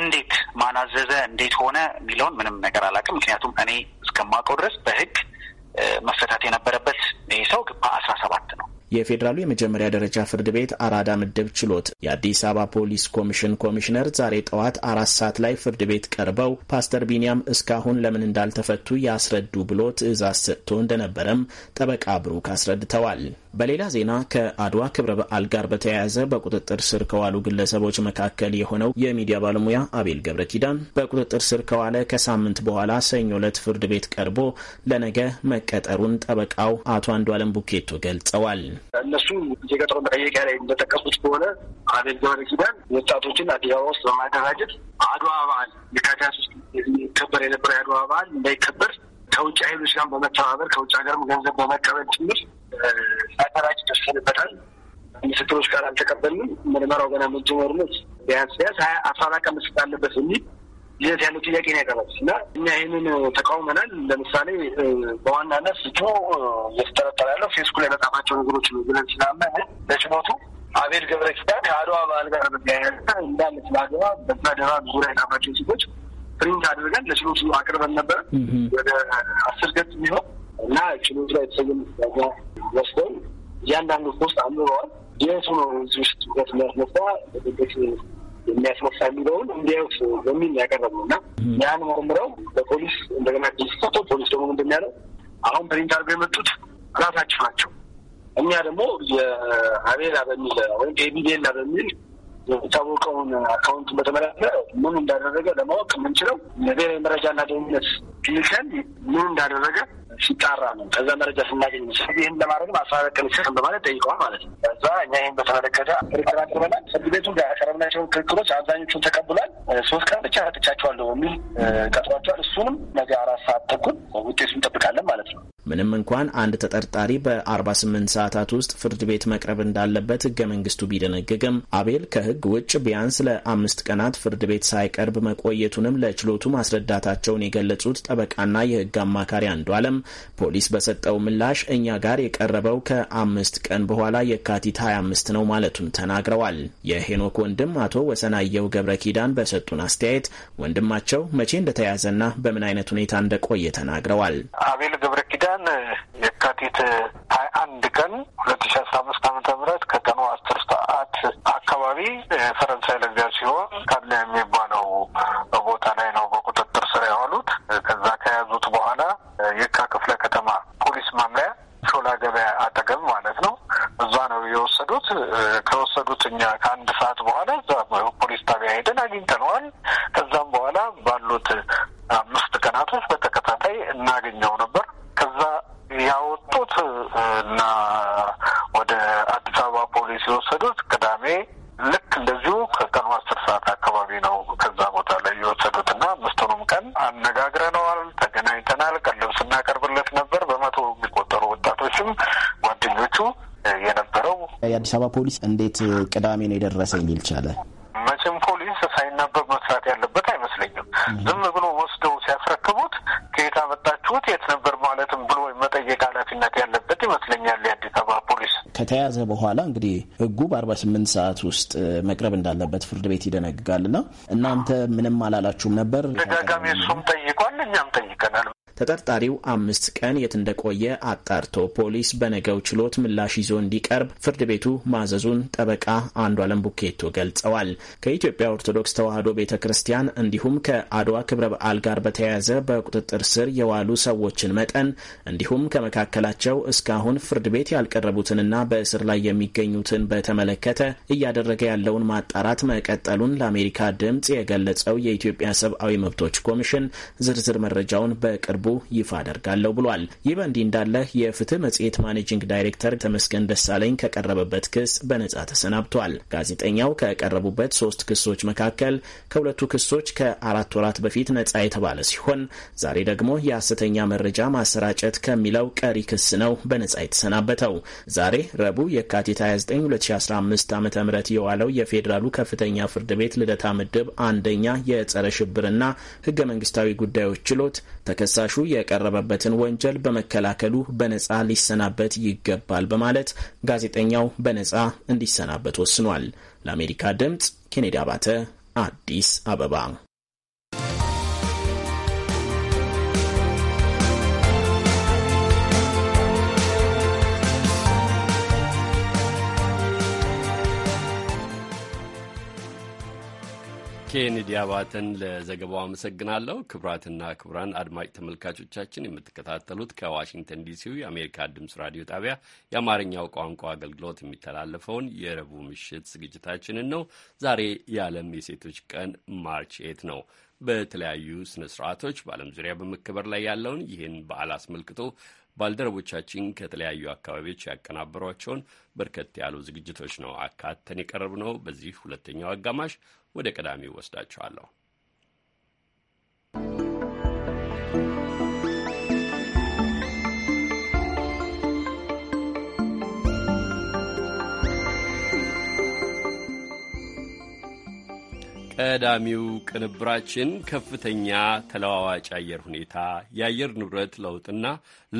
እንዴት ማናዘዘ እንዴት ሆነ የሚለውን ምንም ነገር አላውቅም። ምክንያቱም እኔ እስከማውቀው ድረስ በህግ መፈታት የነበረበት ይህ ሰው ግንቦት አስራ ሰባት ነው የፌዴራሉ የመጀመሪያ ደረጃ ፍርድ ቤት አራዳ ምድብ ችሎት የአዲስ አበባ ፖሊስ ኮሚሽን ኮሚሽነር ዛሬ ጠዋት አራት ሰዓት ላይ ፍርድ ቤት ቀርበው ፓስተር ቢኒያም እስካሁን ለምን እንዳልተፈቱ ያስረዱ ብሎ ትዕዛዝ ሰጥቶ እንደነበረም ጠበቃ ብሩክ አስረድተዋል። በሌላ ዜና ከአድዋ ክብረ በዓል ጋር በተያያዘ በቁጥጥር ስር ከዋሉ ግለሰቦች መካከል የሆነው የሚዲያ ባለሙያ አቤል ገብረ ኪዳን በቁጥጥር ስር ከዋለ ከሳምንት በኋላ ሰኞ ዕለት ፍርድ ቤት ቀርቦ ለነገ መቀጠሩን ጠበቃው አቶ አለም ቡኬቶ ገልጸዋል። እነሱ የገጠሩ መጠየቂያ ላይ እንደጠቀሱት ከሆነ አቤል ገብረ ኪዳን ወጣቶችን አዲስ አበባ ውስጥ በማደራጀት አድዋ በዓል የካቲት ሶስት ይከበር የነበረው የአድዋ በዓል እንዳይከበር ከውጭ ኃይሎች ጋር በመተባበር ከውጭ ሀገርም ገንዘብ በመቀበል ጭምር ሳተራጅ ደርሰንበታል። ምስክሮች ጋር አልተቀበልንም። ምርመራው ገና መጀመሩ ነው። ቢያንስ ቢያንስ ሀያ አስራ አራት ቀን ምስክር አለበት የሚል ይዘት ያለው ጥያቄ ነው ያቀረቡት እና እኛ ይህንን ተቃውመናል። ለምሳሌ በዋናነት እጩ እየተጠረጠረ ያለው ፌስቡክ ላይ መጻፋቸው ነገሮች ነው ብለን ስላመን ለችሎቱ አቤል ገብረ ኪዳን ከአድዋ በዓል ጋር በተያያዘ እንዳለ ስለ በዛ ደራ ዙሪያ የጻፋቸውን ጽሑፎች ፕሪንት አድርገን ለችሎቱ አቅርበን ነበር ወደ አስር ገጽ ቢሆን እና ችሎቱ ላይ የተሰየመ ጋ ወስደው እያንዳንዱ ፖስት አምረዋል። የቱ ነው ዚ ውስጥ ትኩረት ሚያስነሳ የሚያስመሳ የሚለውን እንዲያውስ በሚል ያቀረብ ነው እና ያን መርምረው በፖሊስ እንደገና ሰቶ ፖሊስ ደግሞ ምንድን ያለው አሁን በኢንተርቪው የመጡት ራሳቸው ናቸው። እኛ ደግሞ የአቤላ በሚል ወይም ኤቢቤላ በሚል የታወቀውን አካውንት በተመለከተ ምን እንዳደረገ ለማወቅ የምንችለው የብሔራዊ መረጃና ደህንነት ሚሽን ምን እንዳደረገ ሲጣራ ነው። ከዛ መረጃ ስናገኝ ምስል ይህን ለማድረግም አስራ አራት ቀን ይሰጥ በማለት ጠይቀዋል ማለት ነው። ከዛ እኛ ይህን በተመለከተ ክርክር አቅርበናል። ፍርድ ቤቱ ጋር ያቀረብናቸውን ክርክሮች አብዛኞቹን ተቀብሏል። ሶስት ቀን ብቻ ረጥቻቸዋለሁ በሚል ቀጥሯቸዋል። እሱንም ነገ አራት ሰዓት ተኩል ውጤቱ እንጠብቃለን ማለት ነው። ምንም እንኳን አንድ ተጠርጣሪ በ48 ሰዓታት ውስጥ ፍርድ ቤት መቅረብ እንዳለበት ህገ መንግስቱ ቢደነግግም አቤል ከህግ ውጭ ቢያንስ ለአምስት ቀናት ፍርድ ቤት ሳይቀርብ መቆየቱንም ለችሎቱ ማስረዳታቸውን የገለጹት ጠበቃና የህግ አማካሪ አንዱ አለም ፖሊስ በሰጠው ምላሽ እኛ ጋር የቀረበው ከአምስት ቀን በኋላ የካቲት 25 ነው ማለቱን ተናግረዋል። የሄኖክ ወንድም አቶ ወሰናየው ገብረ ኪዳን በሰጡን አስተያየት ወንድማቸው መቼ እንደተያዘና በምን አይነት ሁኔታ እንደቆየ ተናግረዋል። አቤል ገብረ ኪዳን ቀን የካቲት ሀያ አንድ ቀን ሁለት ሺ አስራ አምስት አመተ ምህረት ከቀኑ አስር ሰዓት አካባቢ ፈረንሳይ ለጋ ሲሆን ካድና የሚባለው ፖሊስ እንዴት ቅዳሜ ነው የደረሰኝ ሊል ቻለ? መቼም ፖሊስ ሳይናበብ መስራት ያለበት አይመስለኝም። ዝም ብሎ ወስደው ሲያስረክቡት ከየት አመጣችሁት፣ የት ነበር ማለትም ብሎ መጠየቅ ኃላፊነት ያለበት ይመስለኛል የአዲስ አበባ ፖሊስ። ከተያዘ በኋላ እንግዲህ ህጉ በአርባ ስምንት ሰዓት ውስጥ መቅረብ እንዳለበት ፍርድ ቤት ና እናንተ ምንም አላላችሁም ነበር? ደጋጋሚ እሱም ተጠርጣሪው አምስት ቀን የት እንደቆየ አጣርቶ ፖሊስ በነገው ችሎት ምላሽ ይዞ እንዲቀርብ ፍርድ ቤቱ ማዘዙን ጠበቃ አንዷለም ቡኬቶ ገልጸዋል። ከኢትዮጵያ ኦርቶዶክስ ተዋሕዶ ቤተ ክርስቲያን እንዲሁም ከአድዋ ክብረ በዓል ጋር በተያያዘ በቁጥጥር ስር የዋሉ ሰዎችን መጠን እንዲሁም ከመካከላቸው እስካሁን ፍርድ ቤት ያልቀረቡትንና በእስር ላይ የሚገኙትን በተመለከተ እያደረገ ያለውን ማጣራት መቀጠሉን ለአሜሪካ ድምፅ የገለጸው የኢትዮጵያ ሰብአዊ መብቶች ኮሚሽን ዝርዝር መረጃውን በቅርቡ በቅርቡ ይፋ አደርጋለሁ ብሏል። ይህ በእንዲህ እንዳለ የፍትህ መጽሔት ማኔጂንግ ዳይሬክተር ተመስገን ደሳለኝ ከቀረበበት ክስ በነጻ ተሰናብቷል። ጋዜጠኛው ከቀረቡበት ሶስት ክሶች መካከል ከሁለቱ ክሶች ከአራት ወራት በፊት ነጻ የተባለ ሲሆን ዛሬ ደግሞ የሐሰተኛ መረጃ ማሰራጨት ከሚለው ቀሪ ክስ ነው በነጻ የተሰናበተው። ዛሬ ረቡዕ የካቲት 29 2015 ዓ ም የዋለው የፌዴራሉ ከፍተኛ ፍርድ ቤት ልደታ ምድብ አንደኛ የጸረ ሽብርና ህገ መንግስታዊ ጉዳዮች ችሎት ተከሳሽ ተከሳሹ የቀረበበትን ወንጀል በመከላከሉ በነጻ ሊሰናበት ይገባል በማለት ጋዜጠኛው በነጻ እንዲሰናበት ወስኗል። ለአሜሪካ ድምፅ ኬኔዲ አባተ አዲስ አበባ ኬኔዲ አባተን ለዘገባው አመሰግናለሁ። ክቡራትና ክቡራን አድማጭ ተመልካቾቻችን የምትከታተሉት ከዋሽንግተን ዲሲው የአሜሪካ ድምፅ ራዲዮ ጣቢያ የአማርኛው ቋንቋ አገልግሎት የሚተላለፈውን የረቡዕ ምሽት ዝግጅታችንን ነው። ዛሬ የዓለም የሴቶች ቀን ማርች ኤት ነው። በተለያዩ ስነ ስርዓቶች በዓለም ዙሪያ በመከበር ላይ ያለውን ይህን በዓል አስመልክቶ ባልደረቦቻችን ከተለያዩ አካባቢዎች ያቀናበሯቸውን በርከት ያሉ ዝግጅቶች ነው አካተን የቀረብ ነው። በዚህ ሁለተኛው አጋማሽ ወደ ቀዳሚው ወስዳችኋለሁ። ቀዳሚው ቅንብራችን ከፍተኛ ተለዋዋጭ አየር ሁኔታ፣ የአየር ንብረት ለውጥና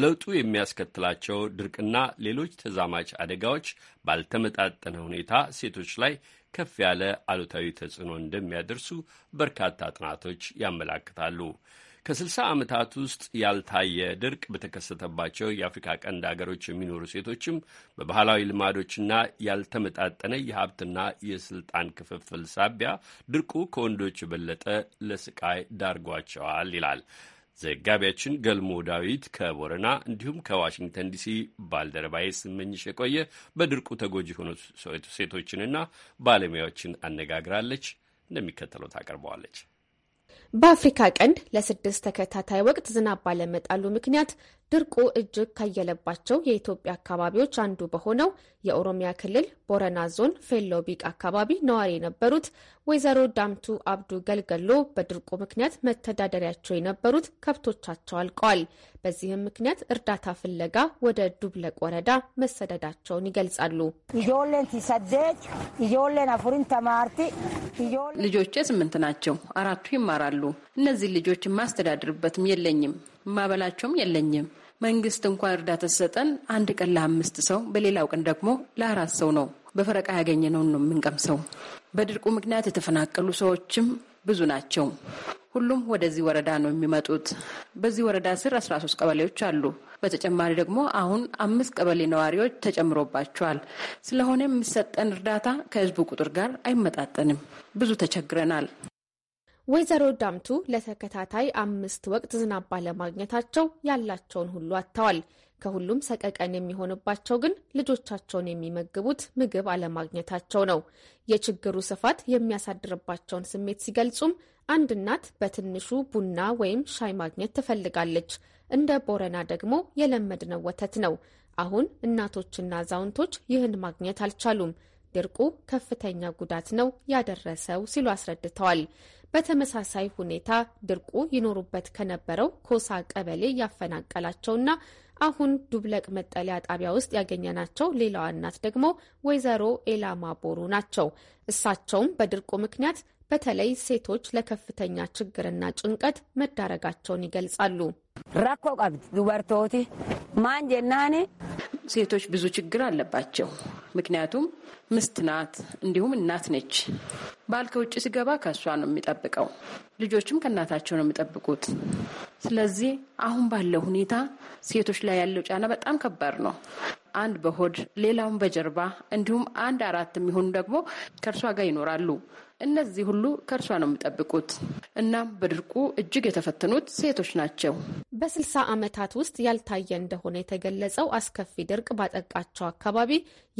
ለውጡ የሚያስከትላቸው ድርቅና ሌሎች ተዛማች አደጋዎች ባልተመጣጠነ ሁኔታ ሴቶች ላይ ከፍ ያለ አሉታዊ ተጽዕኖ እንደሚያደርሱ በርካታ ጥናቶች ያመላክታሉ። ከ60 ዓመታት ውስጥ ያልታየ ድርቅ በተከሰተባቸው የአፍሪካ ቀንድ አገሮች የሚኖሩ ሴቶችም በባህላዊ ልማዶችና ያልተመጣጠነ የሀብትና የስልጣን ክፍፍል ሳቢያ ድርቁ ከወንዶች የበለጠ ለስቃይ ዳርጓቸዋል ይላል። ዘጋቢያችን ገልሞ ዳዊት ከቦረና እንዲሁም ከዋሽንግተን ዲሲ ባልደረባዬ ስመኝሽ የቆየ በድርቁ ተጎጂ የሆኑ ሴቶችንና ባለሙያዎችን አነጋግራለች። እንደሚከተለው ታቀርበዋለች። በአፍሪካ ቀንድ ለስድስት ተከታታይ ወቅት ዝናብ ባለመጣሉ ምክንያት ድርቁ እጅግ ካየለባቸው የኢትዮጵያ አካባቢዎች አንዱ በሆነው የኦሮሚያ ክልል ቦረና ዞን ፌሎቢቅ አካባቢ ነዋሪ የነበሩት ወይዘሮ ዳምቱ አብዱ ገልገሎ በድርቁ ምክንያት መተዳደሪያቸው የነበሩት ከብቶቻቸው አልቀዋል። በዚህም ምክንያት እርዳታ ፍለጋ ወደ ዱብለቅ ወረዳ መሰደዳቸውን ይገልጻሉ። ልጆቼ ስምንት ናቸው። አራቱ ይማራሉ። እነዚህ ልጆች የማስተዳድርበትም የለኝም። ማበላቸውም የለኝም። መንግስት እንኳን እርዳታ ሰጠን አንድ ቀን ለአምስት ሰው፣ በሌላው ቀን ደግሞ ለአራት ሰው ነው። በፈረቃ ያገኘነውን ነው የምንቀምሰው። በድርቁ ምክንያት የተፈናቀሉ ሰዎችም ብዙ ናቸው። ሁሉም ወደዚህ ወረዳ ነው የሚመጡት። በዚህ ወረዳ ስር አስራ ሶስት ቀበሌዎች አሉ። በተጨማሪ ደግሞ አሁን አምስት ቀበሌ ነዋሪዎች ተጨምሮባቸዋል። ስለሆነ የሚሰጠን እርዳታ ከህዝቡ ቁጥር ጋር አይመጣጠንም። ብዙ ተቸግረናል። ወይዘሮ ዳምቱ ለተከታታይ አምስት ወቅት ዝናብ ባለማግኘታቸው ያላቸውን ሁሉ አጥተዋል። ከሁሉም ሰቀቀን የሚሆንባቸው ግን ልጆቻቸውን የሚመግቡት ምግብ አለማግኘታቸው ነው። የችግሩ ስፋት የሚያሳድርባቸውን ስሜት ሲገልጹም አንድ እናት በትንሹ ቡና ወይም ሻይ ማግኘት ትፈልጋለች። እንደ ቦረና ደግሞ የለመድነው ወተት ነው። አሁን እናቶችና አዛውንቶች ይህን ማግኘት አልቻሉም። ድርቁ ከፍተኛ ጉዳት ነው ያደረሰው ሲሉ አስረድተዋል። በተመሳሳይ ሁኔታ ድርቁ ይኖሩበት ከነበረው ኮሳ ቀበሌ ያፈናቀላቸውና አሁን ዱብለቅ መጠለያ ጣቢያ ውስጥ ያገኘናቸው ሌላዋ እናት ደግሞ ወይዘሮ ኤላማ ቦሩ ናቸው። እሳቸውም በድርቁ ምክንያት በተለይ ሴቶች ለከፍተኛ ችግርና ጭንቀት መዳረጋቸውን ይገልጻሉ። ራኮ ቀብት ዱበርቶቲ ማን ጀናኔ ሴቶች ብዙ ችግር አለባቸው። ምክንያቱም ምስት ናት፣ እንዲሁም እናት ነች። ባል ከውጭ ሲገባ ከእሷ ነው የሚጠብቀው፣ ልጆችም ከእናታቸው ነው የሚጠብቁት። ስለዚህ አሁን ባለው ሁኔታ ሴቶች ላይ ያለው ጫና በጣም ከባድ ነው። አንድ በሆድ ሌላውን በጀርባ እንዲሁም አንድ አራት የሚሆኑ ደግሞ ከእርሷ ጋር ይኖራሉ። እነዚህ ሁሉ ከእርሷ ነው የሚጠብቁት። እናም በድርቁ እጅግ የተፈተኑት ሴቶች ናቸው። በስልሳ ዓመታት ውስጥ ያልታየ እንደሆነ የተገለጸው አስከፊ ድርቅ ባጠቃቸው አካባቢ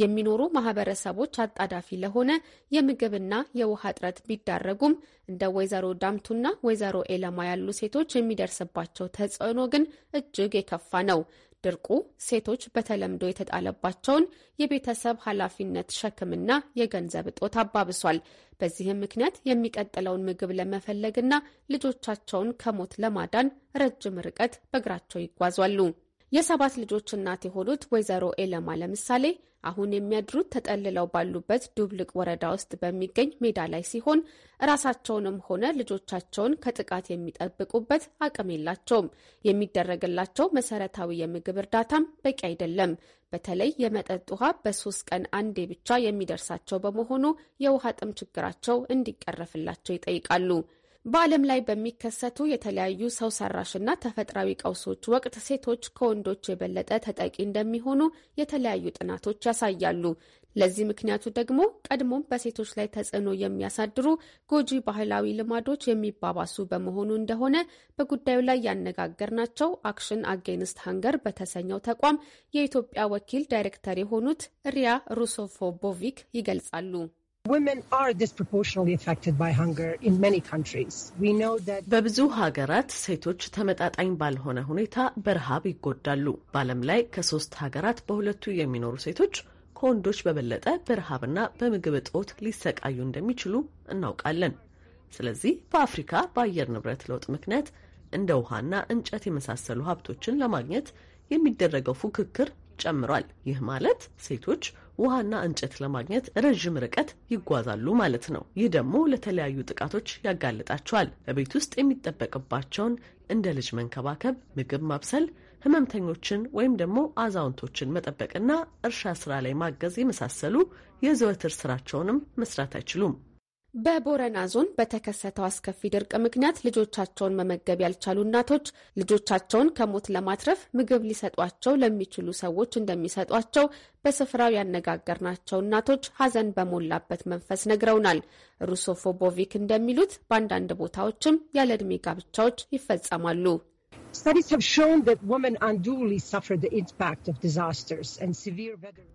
የሚኖሩ ማህበረሰቦች አጣዳፊ ለሆነ የምግብና የውሃ እጥረት ቢዳረጉም እንደ ወይዘሮ ዳምቱና ወይዘሮ ኤለማ ያሉ ሴቶች የሚደርስባቸው ተጽዕኖ ግን እጅግ የከፋ ነው። ድርቁ ሴቶች በተለምዶ የተጣለባቸውን የቤተሰብ ኃላፊነት ሸክምና የገንዘብ እጦት አባብሷል። በዚህም ምክንያት የሚቀጥለውን ምግብ ለመፈለግና ልጆቻቸውን ከሞት ለማዳን ረጅም ርቀት በእግራቸው ይጓዟሉ። የሰባት ልጆች እናት የሆኑት ወይዘሮ ኤለማ ለምሳሌ አሁን የሚያድሩት ተጠልለው ባሉበት ዱብልቅ ወረዳ ውስጥ በሚገኝ ሜዳ ላይ ሲሆን እራሳቸውንም ሆነ ልጆቻቸውን ከጥቃት የሚጠብቁበት አቅም የላቸውም። የሚደረግላቸው መሰረታዊ የምግብ እርዳታም በቂ አይደለም። በተለይ የመጠጥ ውሃ በሶስት ቀን አንዴ ብቻ የሚደርሳቸው በመሆኑ የውሃ ጥም ችግራቸው እንዲቀረፍላቸው ይጠይቃሉ። በዓለም ላይ በሚከሰቱ የተለያዩ ሰው ሰራሽና ተፈጥሯዊ ቀውሶች ወቅት ሴቶች ከወንዶች የበለጠ ተጠቂ እንደሚሆኑ የተለያዩ ጥናቶች ያሳያሉ። ለዚህ ምክንያቱ ደግሞ ቀድሞም በሴቶች ላይ ተጽዕኖ የሚያሳድሩ ጎጂ ባህላዊ ልማዶች የሚባባሱ በመሆኑ እንደሆነ በጉዳዩ ላይ ያነጋገርናቸው አክሽን አጌንስት ሃንገር በተሰኘው ተቋም የኢትዮጵያ ወኪል ዳይሬክተር የሆኑት ሪያ ሩሶፎ ቦቪክ ይገልጻሉ። በብዙ ሀገራት ሴቶች ተመጣጣኝ ባልሆነ ሁኔታ በረሃብ ይጎዳሉ። በዓለም ላይ ከሶስት ሀገራት በሁለቱ የሚኖሩ ሴቶች ከወንዶች በበለጠ በረሃብና በምግብ እጦት ሊሰቃዩ እንደሚችሉ እናውቃለን። ስለዚህ በአፍሪካ በአየር ንብረት ለውጥ ምክንያት እንደ ውሃና እንጨት የመሳሰሉ ሀብቶችን ለማግኘት የሚደረገው ፉክክር ጨምሯል። ይህ ማለት ሴቶች ውሃና እንጨት ለማግኘት ረዥም ርቀት ይጓዛሉ ማለት ነው። ይህ ደግሞ ለተለያዩ ጥቃቶች ያጋልጣቸዋል። በቤት ውስጥ የሚጠበቅባቸውን እንደ ልጅ መንከባከብ፣ ምግብ ማብሰል፣ ህመምተኞችን ወይም ደግሞ አዛውንቶችን መጠበቅና እርሻ ስራ ላይ ማገዝ የመሳሰሉ የዘወትር ስራቸውንም መስራት አይችሉም። በቦረና ዞን በተከሰተው አስከፊ ድርቅ ምክንያት ልጆቻቸውን መመገብ ያልቻሉ እናቶች ልጆቻቸውን ከሞት ለማትረፍ ምግብ ሊሰጧቸው ለሚችሉ ሰዎች እንደሚሰጧቸው በስፍራው ያነጋገርናቸው እናቶች ሐዘን በሞላበት መንፈስ ነግረውናል። ሩሶፎቦቪክ እንደሚሉት በአንዳንድ ቦታዎችም ያለ ዕድሜ ጋብቻዎች ይፈጸማሉ።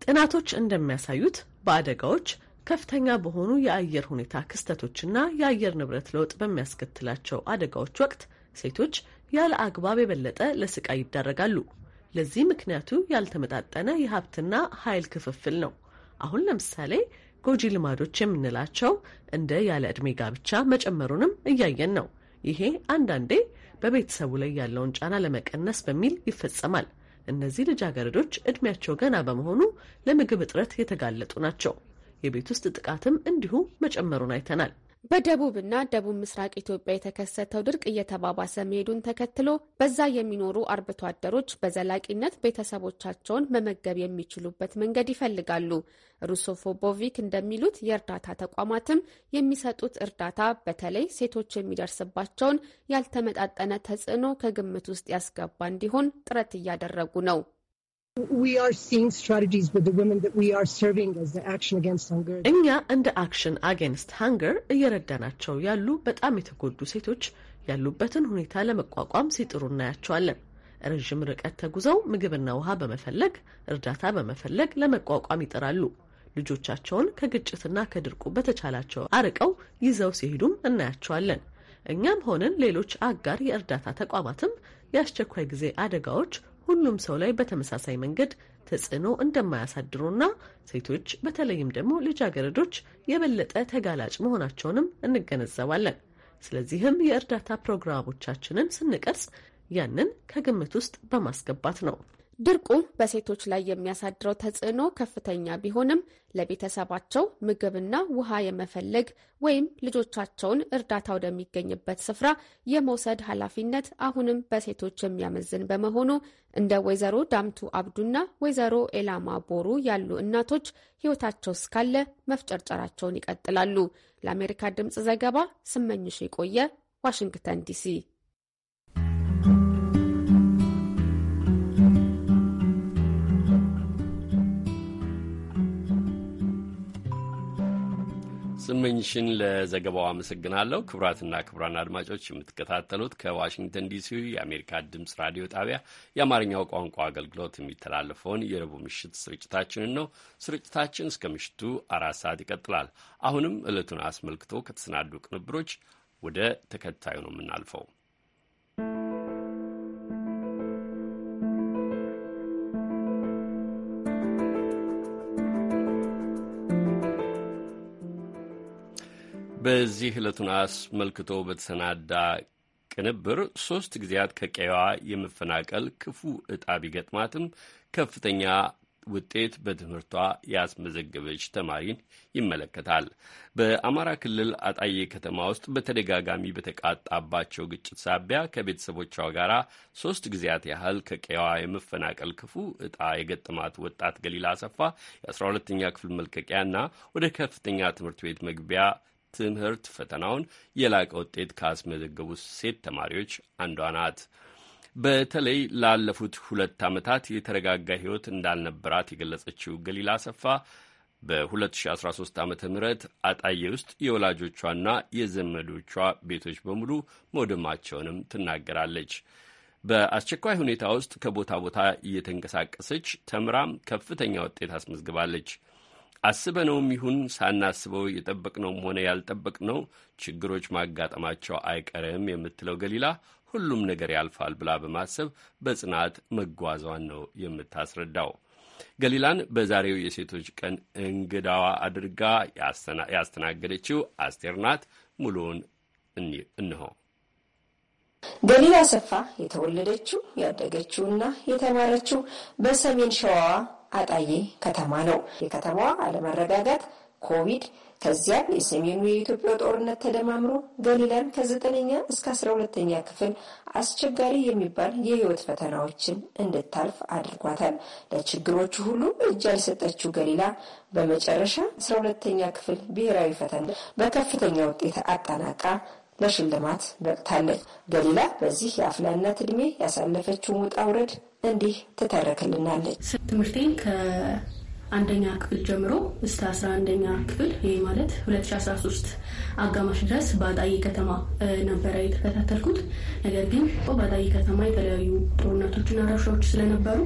ጥናቶች እንደሚያሳዩት በአደጋዎች ከፍተኛ በሆኑ የአየር ሁኔታ ክስተቶችና የአየር ንብረት ለውጥ በሚያስከትላቸው አደጋዎች ወቅት ሴቶች ያለ አግባብ የበለጠ ለስቃይ ይዳረጋሉ። ለዚህ ምክንያቱ ያልተመጣጠነ የሀብትና ኃይል ክፍፍል ነው። አሁን ለምሳሌ ጎጂ ልማዶች የምንላቸው እንደ ያለ ዕድሜ ጋብቻ መጨመሩንም እያየን ነው። ይሄ አንዳንዴ በቤተሰቡ ላይ ያለውን ጫና ለመቀነስ በሚል ይፈጸማል። እነዚህ ልጃገረዶች ዕድሜያቸው ገና በመሆኑ ለምግብ እጥረት የተጋለጡ ናቸው። የቤት ውስጥ ጥቃትም እንዲሁ መጨመሩን አይተናል። በደቡብና ደቡብ ምስራቅ ኢትዮጵያ የተከሰተው ድርቅ እየተባባሰ መሄዱን ተከትሎ በዛ የሚኖሩ አርብቶ አደሮች በዘላቂነት ቤተሰቦቻቸውን መመገብ የሚችሉበት መንገድ ይፈልጋሉ። ሩሶፎቦቪክ እንደሚሉት የእርዳታ ተቋማትም የሚሰጡት እርዳታ በተለይ ሴቶች የሚደርስባቸውን ያልተመጣጠነ ተጽዕኖ ከግምት ውስጥ ያስገባ እንዲሆን ጥረት እያደረጉ ነው። እኛ እንደ አክሽን አጌንስት ሃንገር እየረዳናቸው ያሉ በጣም የተጎዱ ሴቶች ያሉበትን ሁኔታ ለመቋቋም ሲጥሩ እናያቸዋለን። ረዥም ርቀት ተጉዘው ምግብና ውሃ በመፈለግ እርዳታ በመፈለግ ለመቋቋም ይጥራሉ። ልጆቻቸውን ከግጭትና ከድርቁ በተቻላቸው አርቀው ይዘው ሲሄዱም እናያቸዋለን። እኛም ሆንን ሌሎች አጋር የእርዳታ ተቋማትም የአስቸኳይ ጊዜ አደጋዎች ሁሉም ሰው ላይ በተመሳሳይ መንገድ ተጽዕኖ እንደማያሳድሩና ሴቶች በተለይም ደግሞ ልጃገረዶች የበለጠ ተጋላጭ መሆናቸውንም እንገነዘባለን። ስለዚህም የእርዳታ ፕሮግራሞቻችንን ስንቀርጽ ያንን ከግምት ውስጥ በማስገባት ነው። ድርቁ በሴቶች ላይ የሚያሳድረው ተጽዕኖ ከፍተኛ ቢሆንም ለቤተሰባቸው ምግብና ውሃ የመፈለግ ወይም ልጆቻቸውን እርዳታ ወደሚገኝበት ስፍራ የመውሰድ ኃላፊነት አሁንም በሴቶች የሚያመዝን በመሆኑ እንደ ወይዘሮ ዳምቱ አብዱና ወይዘሮ ኤላማ ቦሩ ያሉ እናቶች ሕይወታቸው እስካለ መፍጨርጨራቸውን ይቀጥላሉ። ለአሜሪካ ድምፅ ዘገባ ስመኝሽ የቆየ ዋሽንግተን ዲሲ። ስመኝሽን ለዘገባው አመሰግናለሁ። ክቡራትና ክቡራን አድማጮች የምትከታተሉት ከዋሽንግተን ዲሲ የአሜሪካ ድምፅ ራዲዮ ጣቢያ የአማርኛው ቋንቋ አገልግሎት የሚተላለፈውን የረቡዕ ምሽት ስርጭታችንን ነው። ስርጭታችን እስከ ምሽቱ አራት ሰዓት ይቀጥላል። አሁንም ዕለቱን አስመልክቶ ከተሰናዱ ቅንብሮች ወደ ተከታዩ ነው የምናልፈው። በዚህ ዕለቱን አስመልክቶ በተሰናዳ ቅንብር ሶስት ጊዜያት ከቀይዋ የመፈናቀል ክፉ ዕጣ ቢገጥማትም ከፍተኛ ውጤት በትምህርቷ ያስመዘገበች ተማሪን ይመለከታል። በአማራ ክልል አጣዬ ከተማ ውስጥ በተደጋጋሚ በተቃጣባቸው ግጭት ሳቢያ ከቤተሰቦቿ ጋር ሶስት ጊዜያት ያህል ከቀዋ የመፈናቀል ክፉ ዕጣ የገጠማት ወጣት ገሊላ አሰፋ የ12ኛ ክፍል መልቀቂያና ወደ ከፍተኛ ትምህርት ቤት መግቢያ ትምህርት ፈተናውን የላቀ ውጤት ካስመዘገቡ ሴት ተማሪዎች አንዷ ናት። በተለይ ላለፉት ሁለት ዓመታት የተረጋጋ ሕይወት እንዳልነበራት የገለጸችው ገሊላ አሰፋ በ2013 ዓ ም አጣዬ ውስጥ የወላጆቿና የዘመዶቿ ቤቶች በሙሉ መውደማቸውንም ትናገራለች። በአስቸኳይ ሁኔታ ውስጥ ከቦታ ቦታ እየተንቀሳቀሰች ተምራም ከፍተኛ ውጤት አስመዝግባለች። አስበነውም ይሁን ሳናስበው የጠበቅነውም ሆነ ያልጠበቅነው ችግሮች ማጋጠማቸው አይቀርም የምትለው ገሊላ ሁሉም ነገር ያልፋል ብላ በማሰብ በጽናት መጓዟን ነው የምታስረዳው። ገሊላን በዛሬው የሴቶች ቀን እንግዳዋ አድርጋ ያስተናገደችው አስቴር ናት። ሙሉውን እንሆ። ገሊላ ሰፋ የተወለደችው ያደገችውና የተማረችው በሰሜን ሸዋዋ አጣዬ ከተማ ነው። የከተማዋ አለመረጋጋት፣ ኮቪድ፣ ከዚያም የሰሜኑ የኢትዮጵያ ጦርነት ተደማምሮ ገሊላን ከዘጠነኛ እስከ አስራ ሁለተኛ ክፍል አስቸጋሪ የሚባል የህይወት ፈተናዎችን እንድታልፍ አድርጓታል። ለችግሮቹ ሁሉ እጅ ያልሰጠችው ገሊላ በመጨረሻ አስራ ሁለተኛ ክፍል ብሔራዊ ፈተና በከፍተኛ ውጤት አጠናቃ ለሽልማት በቅታለች። ገሊላ በዚህ የአፍላነት እድሜ ያሳለፈችውን ውጣ ውረድ እንዲህ ትተረክልናለች። ትምህርቴን ከአንደኛ ክፍል ጀምሮ እስከ 11ኛ ክፍል ይህ ማለት 2013 አጋማሽ ድረስ በአጣዬ ከተማ ነበረ የተከታተልኩት። ነገር ግን በአጣዬ ከተማ የተለያዩ ጦርነቶችና ረብሻዎች ስለነበሩ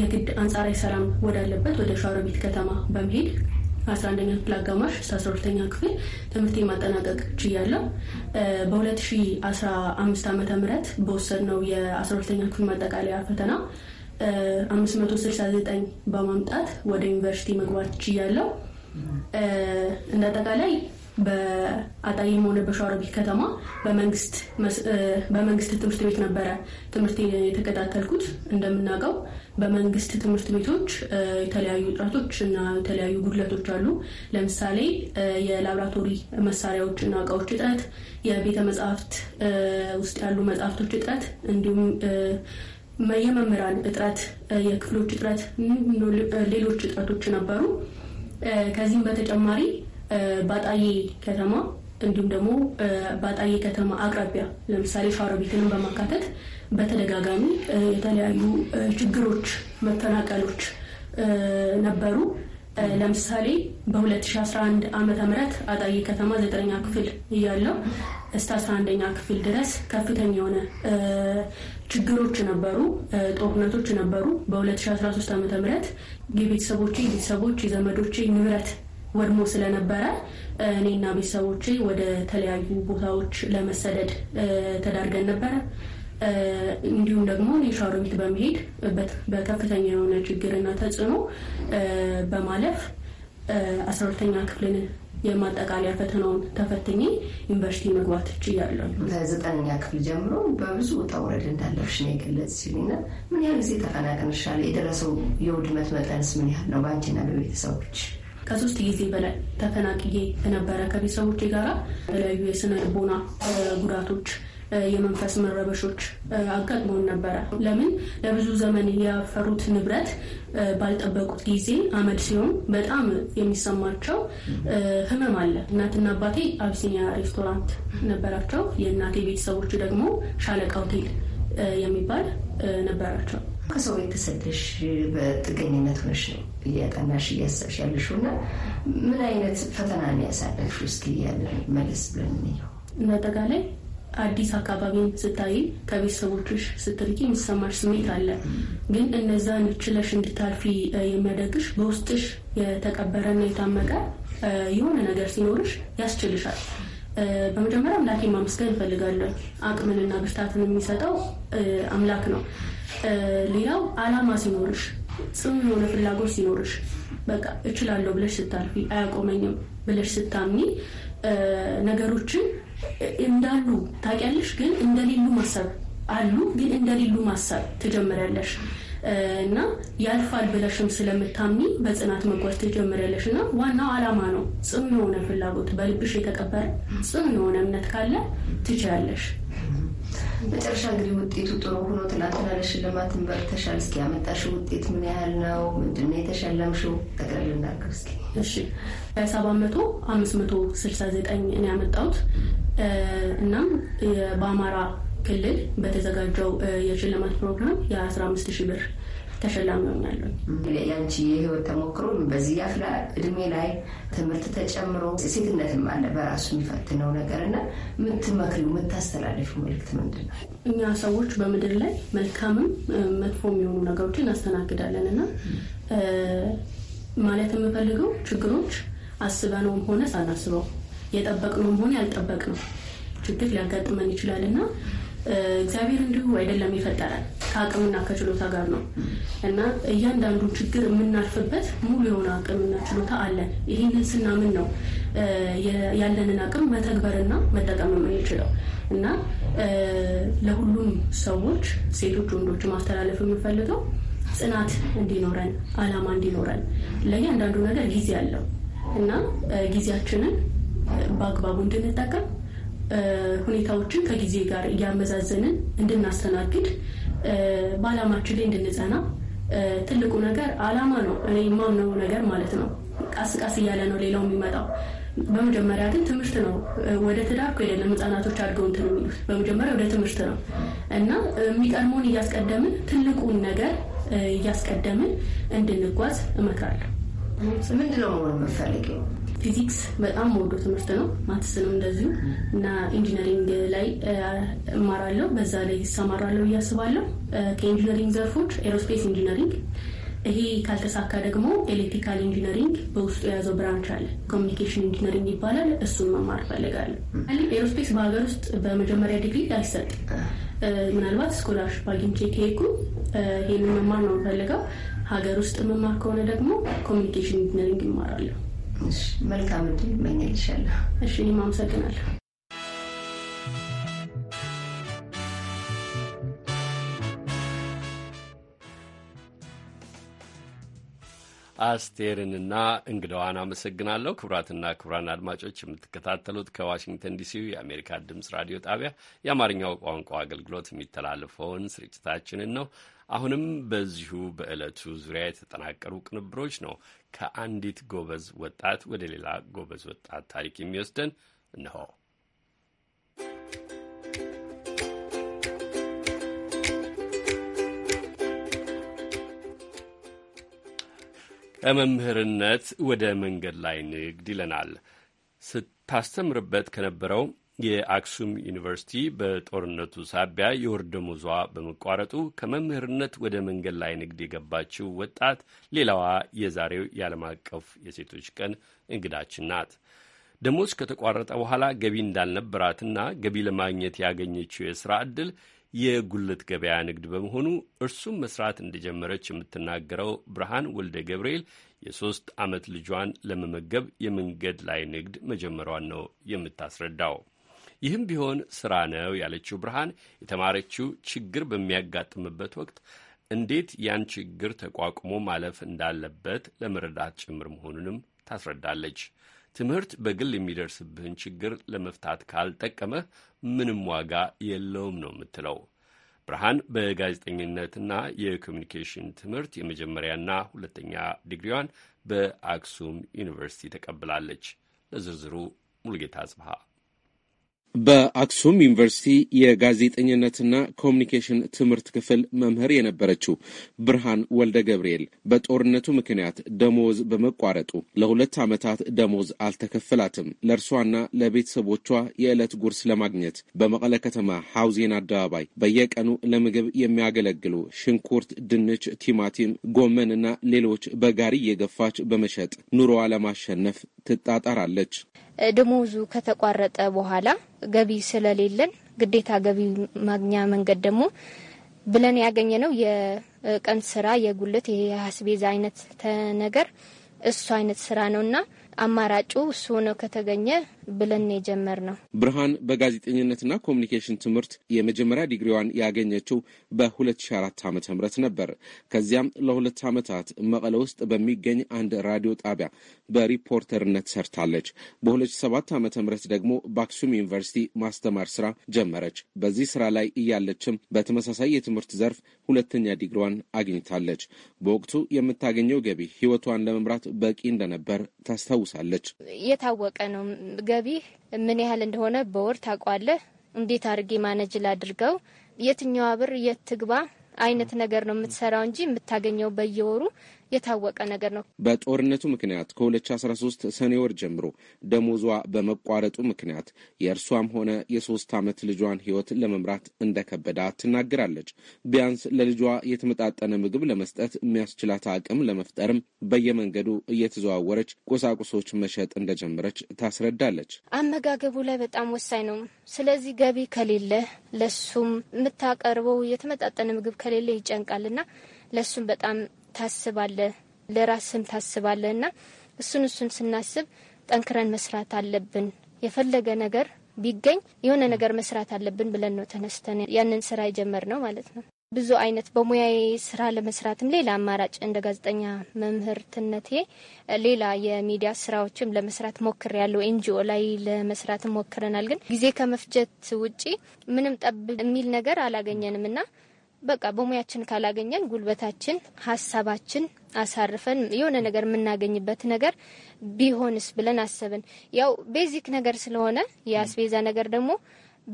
የግድ አንጻራዊ ሰላም ወዳለበት ወደ ሸዋሮቢት ከተማ በመሄድ 11ኛ ክፍል አጋማሽ እስከ 12ኛ ክፍል ትምህርት ማጠናቀቅ ችያለሁ። በ2015 ዓ ም በወሰድነው የ12ኛ ክፍል ማጠቃለያ ፈተና 569 በማምጣት ወደ ዩኒቨርሲቲ መግባት ችያለሁ። እንደ አጠቃላይ በአጣይም ሆነ በሸዋሮቢት ከተማ በመንግስት ትምህርት ቤት ነበረ ትምህርት የተከታተልኩት። እንደምናውቀው በመንግስት ትምህርት ቤቶች የተለያዩ እጥረቶች እና የተለያዩ ጉድለቶች አሉ። ለምሳሌ የላብራቶሪ መሳሪያዎች እና እቃዎች እጥረት፣ የቤተ መጽሐፍት ውስጥ ያሉ መጽሐፍቶች እጥረት እንዲሁም የመምህራን እጥረት፣ የክፍሎች እጥረት፣ ሌሎች እጥረቶች ነበሩ። ከዚህም በተጨማሪ ባጣዬ ከተማ እንዲሁም ደግሞ ባጣዬ ከተማ አቅራቢያ ለምሳሌ ሸዋሮቢትንም በማካተት በተደጋጋሚ የተለያዩ ችግሮች፣ መፈናቀሎች ነበሩ። ለምሳሌ በ2011 ዓመተ ምህረት አጣዬ ከተማ ዘጠነኛ ክፍል እያለው እስከ 11ኛ ክፍል ድረስ ከፍተኛ የሆነ ችግሮች ነበሩ፣ ጦርነቶች ነበሩ። በ2013 ዓመተ ምህረት የቤተሰቦቼ ቤተሰቦች የዘመዶቼ ንብረት ወድሞ ስለነበረ እኔና ቤተሰቦቼ ወደ ተለያዩ ቦታዎች ለመሰደድ ተዳርገን ነበረ። እንዲሁም ደግሞ እኔ ሻሮቢት በመሄድ በከፍተኛ የሆነ ችግርና ተጽዕኖ በማለፍ አስራ ሁለተኛ ክፍልን የማጠቃለያ ፈተናውን ተፈትኝ ዩኒቨርሲቲ መግባት እችላለሁ። ከዘጠነኛ ክፍል ጀምሮ በብዙ ውጣ ውረድ እንዳለፍሽ ነው የገለጽ የገለጽሽልኝ። ምን ያህል ጊዜ ተፈናቅንሻል? የደረሰው የውድመት መጠንስ ምን ያህል ነው በአንቺና በቤተሰቦች? ከሶስት ጊዜ በላይ ተፈናቅዬ ነበረ ከቤተሰቦቼ ጋራ የተለያዩ የስነ ልቦና ጉዳቶች የመንፈስ መረበሾች አጋጥመውን ነበረ። ለምን ለብዙ ዘመን ያፈሩት ንብረት ባልጠበቁት ጊዜ አመድ ሲሆን በጣም የሚሰማቸው ህመም አለ። እናትና አባቴ አቢሲኒያ ሬስቶራንት ነበራቸው። የእናቴ ቤተሰቦች ደግሞ ሻለቃ ሆቴል የሚባል ነበራቸው። ከሰው የተሰደሽ በጥገኝነት ሆነሽ ነው እያጠናሽ እያሰብሽ ያለሽው እና ምን አይነት ፈተና ነው ያሳለፍሽው? እስኪ መለስ ብለን እንየው። አዲስ አካባቢን ስታይ ከቤተሰቦችሽ ስትርቂ የሚሰማሽ ስሜት አለ። ግን እነዛን ችለሽ እንድታልፊ የሚያደግሽ በውስጥሽ የተቀበረና የታመቀ የሆነ ነገር ሲኖርሽ ያስችልሻል። በመጀመሪያ አምላኬ ማመስገን እንፈልጋለ አቅምንና ብርታትን የሚሰጠው አምላክ ነው። ሌላው አላማ ሲኖርሽ ጽኑ የሆነ ፍላጎት ሲኖርሽ በቃ እችላለሁ ብለሽ ስታርፊ አያቆመኝም ብለሽ ስታምኒ ነገሮችን እንዳሉ ታውቂያለሽ፣ ግን እንደሌሉ ማሰብ አሉ፣ ግን እንደሌሉ ማሰብ ትጀምሪያለሽ እና ያልፋል ብለሽም ስለምታምኒ በጽናት መጓዝ ትጀምሪያለሽ። እና ዋናው አላማ ነው ጽኑ የሆነ ፍላጎት በልብሽ የተቀበረ ጽኑ የሆነ እምነት ካለ ትችላለሽ። መጨረሻ እንግዲህ ውጤቱ ጥሩ ሆኖ ትናንትና ለሽልማት በቅተሻል። እስኪ ያመጣሽው ውጤት ምን ያህል ነው? ምንድን ነው የተሸለምሽው? ጠቅለል እናድርግ እስኪ። እሺ ሰባት መቶ አምስት መቶ ስልሳ ዘጠኝ ነው ያመጣሁት። እናም በአማራ ክልል በተዘጋጀው የሽልማት ፕሮግራም የአስራ አምስት ሺህ ብር ተሸላሚ ሆኛለሁ። ያንቺ የህይወት ተሞክሮ በዚህ አፍላ እድሜ ላይ ትምህርት ተጨምሮ ሴትነትም አለ በራሱ የሚፈትነው ነገር እና የምትመክሪው የምታስተላለፊው መልዕክት ምንድን ነው? እኛ ሰዎች በምድር ላይ መልካምም መጥፎ የሚሆኑ ነገሮችን እናስተናግዳለን እና ማለት የምፈልገው ችግሮች አስበነውም ሆነ ሳናስበው የጠበቅነውም ሆነ ያልጠበቅነው ችግር ሊያጋጥመን ይችላል እና እግዚአብሔር እንዲሁ አይደለም የፈጠረን ከአቅምና ከችሎታ ጋር ነው እና እያንዳንዱ ችግር የምናልፍበት ሙሉ የሆነ አቅምና ችሎታ አለን። ይህንን ስናምን ነው ያለንን አቅም መተግበርና መጠቀም የምንችለው እና ለሁሉም ሰዎች ሴቶች፣ ወንዶች ማስተላለፍ የምፈልገው ጽናት እንዲኖረን አላማ እንዲኖረን ለእያንዳንዱ ነገር ጊዜ አለው እና ጊዜያችንን በአግባቡ እንድንጠቀም ሁኔታዎችን ከጊዜ ጋር እያመዛዘንን እንድናስተናግድ በአላማችን ላይ እንድንጸና ትልቁ ነገር አላማ ነው። እኔ የማምነው ነገር ማለት ነው። ቃስ ቃስ እያለ ነው ሌላው የሚመጣው። በመጀመሪያ ግን ትምህርት ነው። ወደ ትዳር አይደለም ህጻናቶች አድገው እንትን የሚሉት በመጀመሪያ ወደ ትምህርት ነው እና የሚቀድመውን እያስቀደምን ትልቁን ነገር እያስቀደምን እንድንጓዝ እመክራለሁ። ምንድነው መሆን የምፈልገው? ፊዚክስ በጣም ወዶ ትምህርት ነው። ማትስንም እንደዚሁ እና ኢንጂነሪንግ ላይ እማራለሁ። በዛ ላይ ይሰማራለሁ እያስባለሁ። ከኢንጂነሪንግ ዘርፎች ኤሮስፔስ ኢንጂነሪንግ ይሄ ካልተሳካ ደግሞ ኤሌክትሪካል ኢንጂነሪንግ በውስጡ የያዘው ብራንች አለ፣ ኮሚኒኬሽን ኢንጂነሪንግ ይባላል። እሱን መማር እፈልጋለሁ። ኤሮስፔስ በሀገር ውስጥ በመጀመሪያ ዲግሪ አይሰጥ ምናልባት ስኮላርሺፕ አግኝቼ ከሄድኩ ይህንን መማር ነው የምፈልገው። ሀገር ውስጥ መማር ከሆነ ደግሞ ኮሚኒኬሽን ኢንጂነሪንግ ይማራለሁ። መልካም እድል እሺ፣ እኔም አመሰግናለሁ። አስቴርንና እንግዳዋን አመሰግናለሁ። ክቡራትና ክቡራን አድማጮች የምትከታተሉት ከዋሽንግተን ዲሲ የአሜሪካ ድምፅ ራዲዮ ጣቢያ የአማርኛው ቋንቋ አገልግሎት የሚተላለፈውን ስርጭታችንን ነው። አሁንም በዚሁ በዕለቱ ዙሪያ የተጠናቀሩ ቅንብሮች ነው ከአንዲት ጎበዝ ወጣት ወደ ሌላ ጎበዝ ወጣት ታሪክ የሚወስደን እነሆ። ከመምህርነት ወደ መንገድ ላይ ንግድ ይለናል። ስታስተምርበት ከነበረው የአክሱም ዩኒቨርሲቲ በጦርነቱ ሳቢያ የወር ደመወዟ በመቋረጡ ከመምህርነት ወደ መንገድ ላይ ንግድ የገባችው ወጣት ሌላዋ የዛሬው የዓለም አቀፍ የሴቶች ቀን እንግዳችን ናት። ደሞዝ ከተቋረጠ በኋላ ገቢ እንዳልነበራትና ገቢ ለማግኘት ያገኘችው የሥራ ዕድል የጉልት ገበያ ንግድ በመሆኑ እርሱም መስራት እንደጀመረች የምትናገረው ብርሃን ወልደ ገብርኤል የሶስት ዓመት ልጇን ለመመገብ የመንገድ ላይ ንግድ መጀመሯን ነው የምታስረዳው። ይህም ቢሆን ስራ ነው ያለችው ብርሃን የተማረችው ችግር በሚያጋጥምበት ወቅት እንዴት ያን ችግር ተቋቁሞ ማለፍ እንዳለበት ለመረዳት ጭምር መሆኑንም ታስረዳለች። ትምህርት በግል የሚደርስብህን ችግር ለመፍታት ካልጠቀመህ ምንም ዋጋ የለውም ነው የምትለው። ብርሃን በጋዜጠኝነትና የኮሚኒኬሽን ትምህርት የመጀመሪያና ሁለተኛ ዲግሪዋን በአክሱም ዩኒቨርሲቲ ተቀብላለች። ለዝርዝሩ ሙሉጌታ ጽብሃ በአክሱም ዩኒቨርሲቲ የጋዜጠኝነትና ኮሚኒኬሽን ትምህርት ክፍል መምህር የነበረችው ብርሃን ወልደ ገብርኤል በጦርነቱ ምክንያት ደሞዝ በመቋረጡ ለሁለት ዓመታት ደሞዝ አልተከፈላትም። ለእርሷና ለቤተሰቦቿ የዕለት ጉርስ ለማግኘት በመቀለ ከተማ ሐውዜን አደባባይ በየቀኑ ለምግብ የሚያገለግሉ ሽንኩርት፣ ድንች፣ ቲማቲም፣ ጎመንና ሌሎች በጋሪ እየገፋች በመሸጥ ኑሮዋ ለማሸነፍ ትጣጣራለች። ደሞዙ ከተቋረጠ በኋላ ገቢ ስለሌለን ግዴታ ገቢ ማግኛ መንገድ ደግሞ ብለን ያገኘ ነው የቀን ስራ፣ የጉልት፣ የአስቤዛ አይነት ነገር እሱ አይነት ስራ ነውና አማራጩ እሱ ሆነው ከተገኘ ብለን የጀመር ነው። ብርሃን በጋዜጠኝነትና ኮሚኒኬሽን ትምህርት የመጀመሪያ ዲግሪዋን ያገኘችው በ2004 ዓ ም ነበር። ከዚያም ለሁለት ዓመታት መቀለ ውስጥ በሚገኝ አንድ ራዲዮ ጣቢያ በሪፖርተርነት ሰርታለች። በ2007 ዓ ም ደግሞ በአክሱም ዩኒቨርሲቲ ማስተማር ስራ ጀመረች። በዚህ ስራ ላይ እያለችም በተመሳሳይ የትምህርት ዘርፍ ሁለተኛ ዲግሪዋን አግኝታለች። በወቅቱ የምታገኘው ገቢ ህይወቷን ለመምራት በቂ እንደነበር ታስታው ታስታውሳለች። የታወቀ ነው ገቢ ምን ያህል እንደሆነ በወር ታውቋለህ። እንዴት አድርጌ ማነጅ ላድርገው፣ የትኛዋ ብር የት ትግባ አይነት ነገር ነው የምትሰራው እንጂ የምታገኘው በየወሩ የታወቀ ነገር ነው። በጦርነቱ ምክንያት ከ2013 ሰኔ ወር ጀምሮ ደሞዟ በመቋረጡ ምክንያት የእርሷም ሆነ የሶስት ዓመት ልጇን ህይወት ለመምራት እንደከበዳ ትናገራለች። ቢያንስ ለልጇ የተመጣጠነ ምግብ ለመስጠት የሚያስችላት አቅም ለመፍጠርም በየመንገዱ እየተዘዋወረች ቁሳቁሶች መሸጥ እንደጀመረች ታስረዳለች። አመጋገቡ ላይ በጣም ወሳኝ ነው። ስለዚህ ገቢ ከሌለ ለሱም የምታቀርበው የተመጣጠነ ምግብ ከሌለ ይጨንቃልና ለሱም በጣም ታስባለህ፣ ለራስም ታስባለህ እና እሱን እሱን ስናስብ ጠንክረን መስራት አለብን። የፈለገ ነገር ቢገኝ የሆነ ነገር መስራት አለብን ብለን ነው ተነስተን ያንን ስራ የጀመርነው ማለት ነው። ብዙ አይነት በሙያዬ ስራ ለመስራትም ሌላ አማራጭ እንደ ጋዜጠኛ መምህርትነቴ ሌላ የሚዲያ ስራዎችም ለመስራት ሞክር ያለው ኤንጂኦ ላይ ለመስራት ሞክረናል። ግን ጊዜ ከመፍጀት ውጪ ምንም ጠብ የሚል ነገር አላገኘንም እና በቃ በሙያችን ካላገኘን ጉልበታችን፣ ሀሳባችን አሳርፈን የሆነ ነገር የምናገኝበት ነገር ቢሆንስ ብለን አሰብን። ያው ቤዚክ ነገር ስለሆነ የአስቤዛ ነገር ደግሞ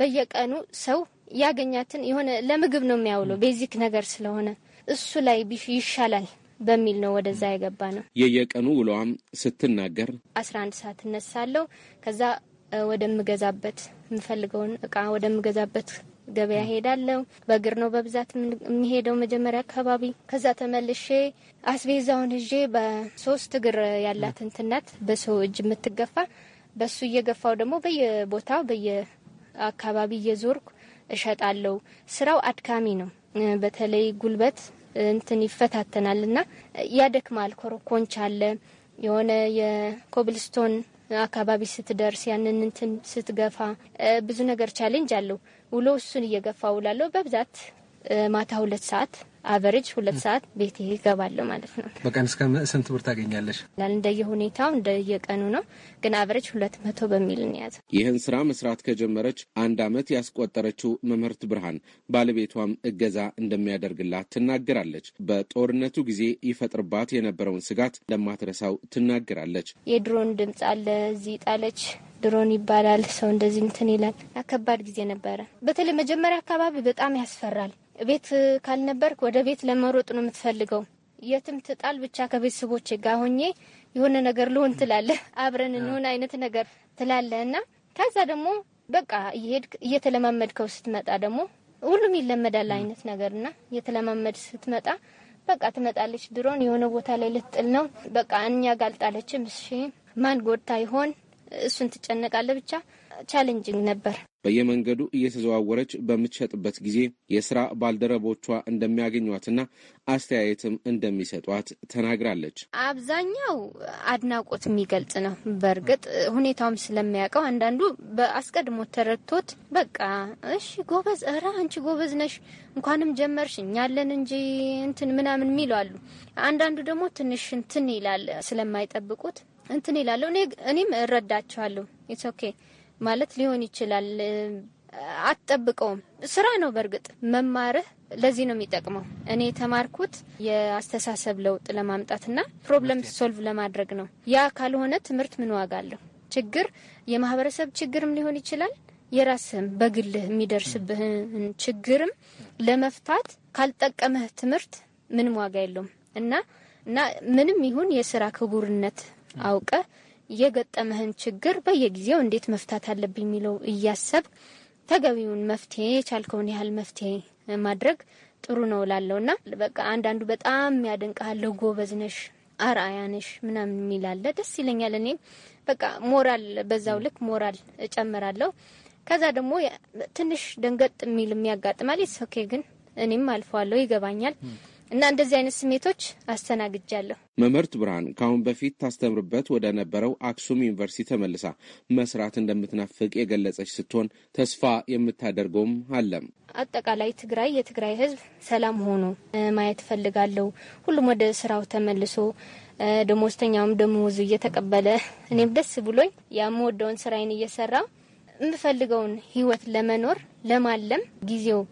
በየቀኑ ሰው ያገኛትን የሆነ ለምግብ ነው የሚያውለው ቤዚክ ነገር ስለሆነ እሱ ላይ ይሻላል በሚል ነው ወደዛ የገባ ነው። የየቀኑ ውሏም ስትናገር አስራ አንድ ሰዓት እነሳለሁ ከዛ ወደምገዛበት የምፈልገውን እቃ ወደምገዛበት ገበያ ሄዳለሁ። በእግር ነው በብዛት የሚሄደው መጀመሪያ አካባቢ። ከዛ ተመልሼ አስቤዛውን እዤ በሶስት እግር ያላት ትናት በሰው እጅ የምትገፋ በሱ እየገፋው ደግሞ በየቦታው በየአካባቢ እየዞርኩ እሸጣለሁ። ስራው አድካሚ ነው። በተለይ ጉልበት እንትን ይፈታተናል እና ያደክማል። ኮረኮንች አለ የሆነ የኮብልስቶን አካባቢ ስትደርስ ያንን እንትን ስትገፋ ብዙ ነገር ቻሌንጅ አለው። ውሎ እሱን እየገፋ ውላለሁ። በብዛት ማታ ሁለት ሰዓት አቨሬጅ ሁለት ሰዓት ቤቴ ይገባለሁ ማለት ነው። በቀን እስከ ስንት ብር ታገኛለሽ? እንደየ ሁኔታው እንደየቀኑ ነው፣ ግን አቨሬጅ ሁለት መቶ በሚል እንያዘ። ይህን ስራ መስራት ከጀመረች አንድ አመት ያስቆጠረችው መምህርት ብርሃን ባለቤቷም እገዛ እንደሚያደርግላት ትናገራለች። በጦርነቱ ጊዜ ይፈጥርባት የነበረውን ስጋት ለማትረሳው ትናገራለች። የድሮን ድምፅ አለ እዚህ ጣለች ድሮን ይባላል። ሰው እንደዚህ እንትን ይላል። ከባድ ጊዜ ነበረ። በተለይ መጀመሪያ አካባቢ በጣም ያስፈራል። ቤት ካልነበርክ ወደ ቤት ለመሮጥ ነው የምትፈልገው። የትም ትጣል ብቻ ከቤተሰቦች ጋር ሆኜ የሆነ ነገር ልሆን ትላለህ፣ አብረን እንሆን አይነት ነገር ትላለህ እና ከዛ ደግሞ በቃ እየሄድክ እየተለማመድከው ስትመጣ ደግሞ ሁሉም ይለመዳል አይነት እና እየተለማመድ ስትመጣ በቃ ትመጣለች። ድሮን የሆነ ቦታ ላይ ልትጥል ነው በቃ እኛ ጋልጣለችም። እሺ ማን ጎድታ ይሆን እሱን ትጨነቃለህ ብቻ ቻሌንጅንግ ነበር። በየመንገዱ እየተዘዋወረች በምትሸጥበት ጊዜ የስራ ባልደረቦቿ እንደሚያገኟትና አስተያየትም እንደሚሰጧት ተናግራለች። አብዛኛው አድናቆት የሚገልጽ ነው። በእርግጥ ሁኔታውም ስለሚያውቀው አንዳንዱ በአስቀድሞ ተረድቶት በቃ እሺ ጎበዝ፣ እረ አንቺ ጎበዝ ነሽ፣ እንኳንም ጀመርሽ፣ እኛለን እንጂ እንትን ምናምን የሚሉ አሉ። አንዳንዱ ደግሞ ትንሽ እንትን ይላል ስለማይጠብቁት እንትን ይላለሁ። እኔም እረዳቸዋለሁ። ኢትስ ኦኬ ማለት ሊሆን ይችላል። አትጠብቀውም። ስራ ነው። በእርግጥ መማርህ ለዚህ ነው የሚጠቅመው። እኔ የተማርኩት የአስተሳሰብ ለውጥ ለማምጣትና ፕሮብለም ሶልቭ ለማድረግ ነው። ያ ካልሆነ ትምህርት ምን ዋጋ አለው? ችግር የማህበረሰብ ችግርም ሊሆን ይችላል። የራስህም በግልህ የሚደርስብህን ችግርም ለመፍታት ካልጠቀመህ ትምህርት ምንም ዋጋ የለውም እና እና ምንም ይሁን የስራ ክቡርነት አውቀ የገጠመህን ችግር በየጊዜው እንዴት መፍታት አለብኝ የሚለው እያሰብ ተገቢውን መፍትሄ የቻልከውን ያህል መፍትሄ ማድረግ ጥሩ ነው ላለው ና በቃ አንዳንዱ በጣም ያደንቀሃለሁ፣ ጎበዝ ነሽ፣ አርአያ ነሽ ምናምን የሚላለ ደስ ይለኛል። እኔ በቃ ሞራል በዛው ልክ ሞራል እጨምራለሁ። ከዛ ደግሞ ትንሽ ደንገጥ የሚል የሚያጋጥማል። ኦኬ ግን እኔም አልፈዋለሁ፣ ይገባኛል። እና እንደዚህ አይነት ስሜቶች አስተናግጃለሁ። መምህርት ብርሃን ከአሁን በፊት ታስተምርበት ወደ ነበረው አክሱም ዩኒቨርሲቲ ተመልሳ መስራት እንደምትናፍቅ የገለጸች ስትሆን ተስፋ የምታደርገውም አለም። አጠቃላይ ትግራይ የትግራይ ሕዝብ ሰላም ሆኖ ማየት እፈልጋለሁ። ሁሉም ወደ ስራው ተመልሶ ደሞዝተኛውም ደሞዙ እየተቀበለ እኔም ደስ ብሎኝ የምወደውን ስራዬን እየሰራ የምፈልገውን ህይወት ለመኖር ለማለም ጊዜው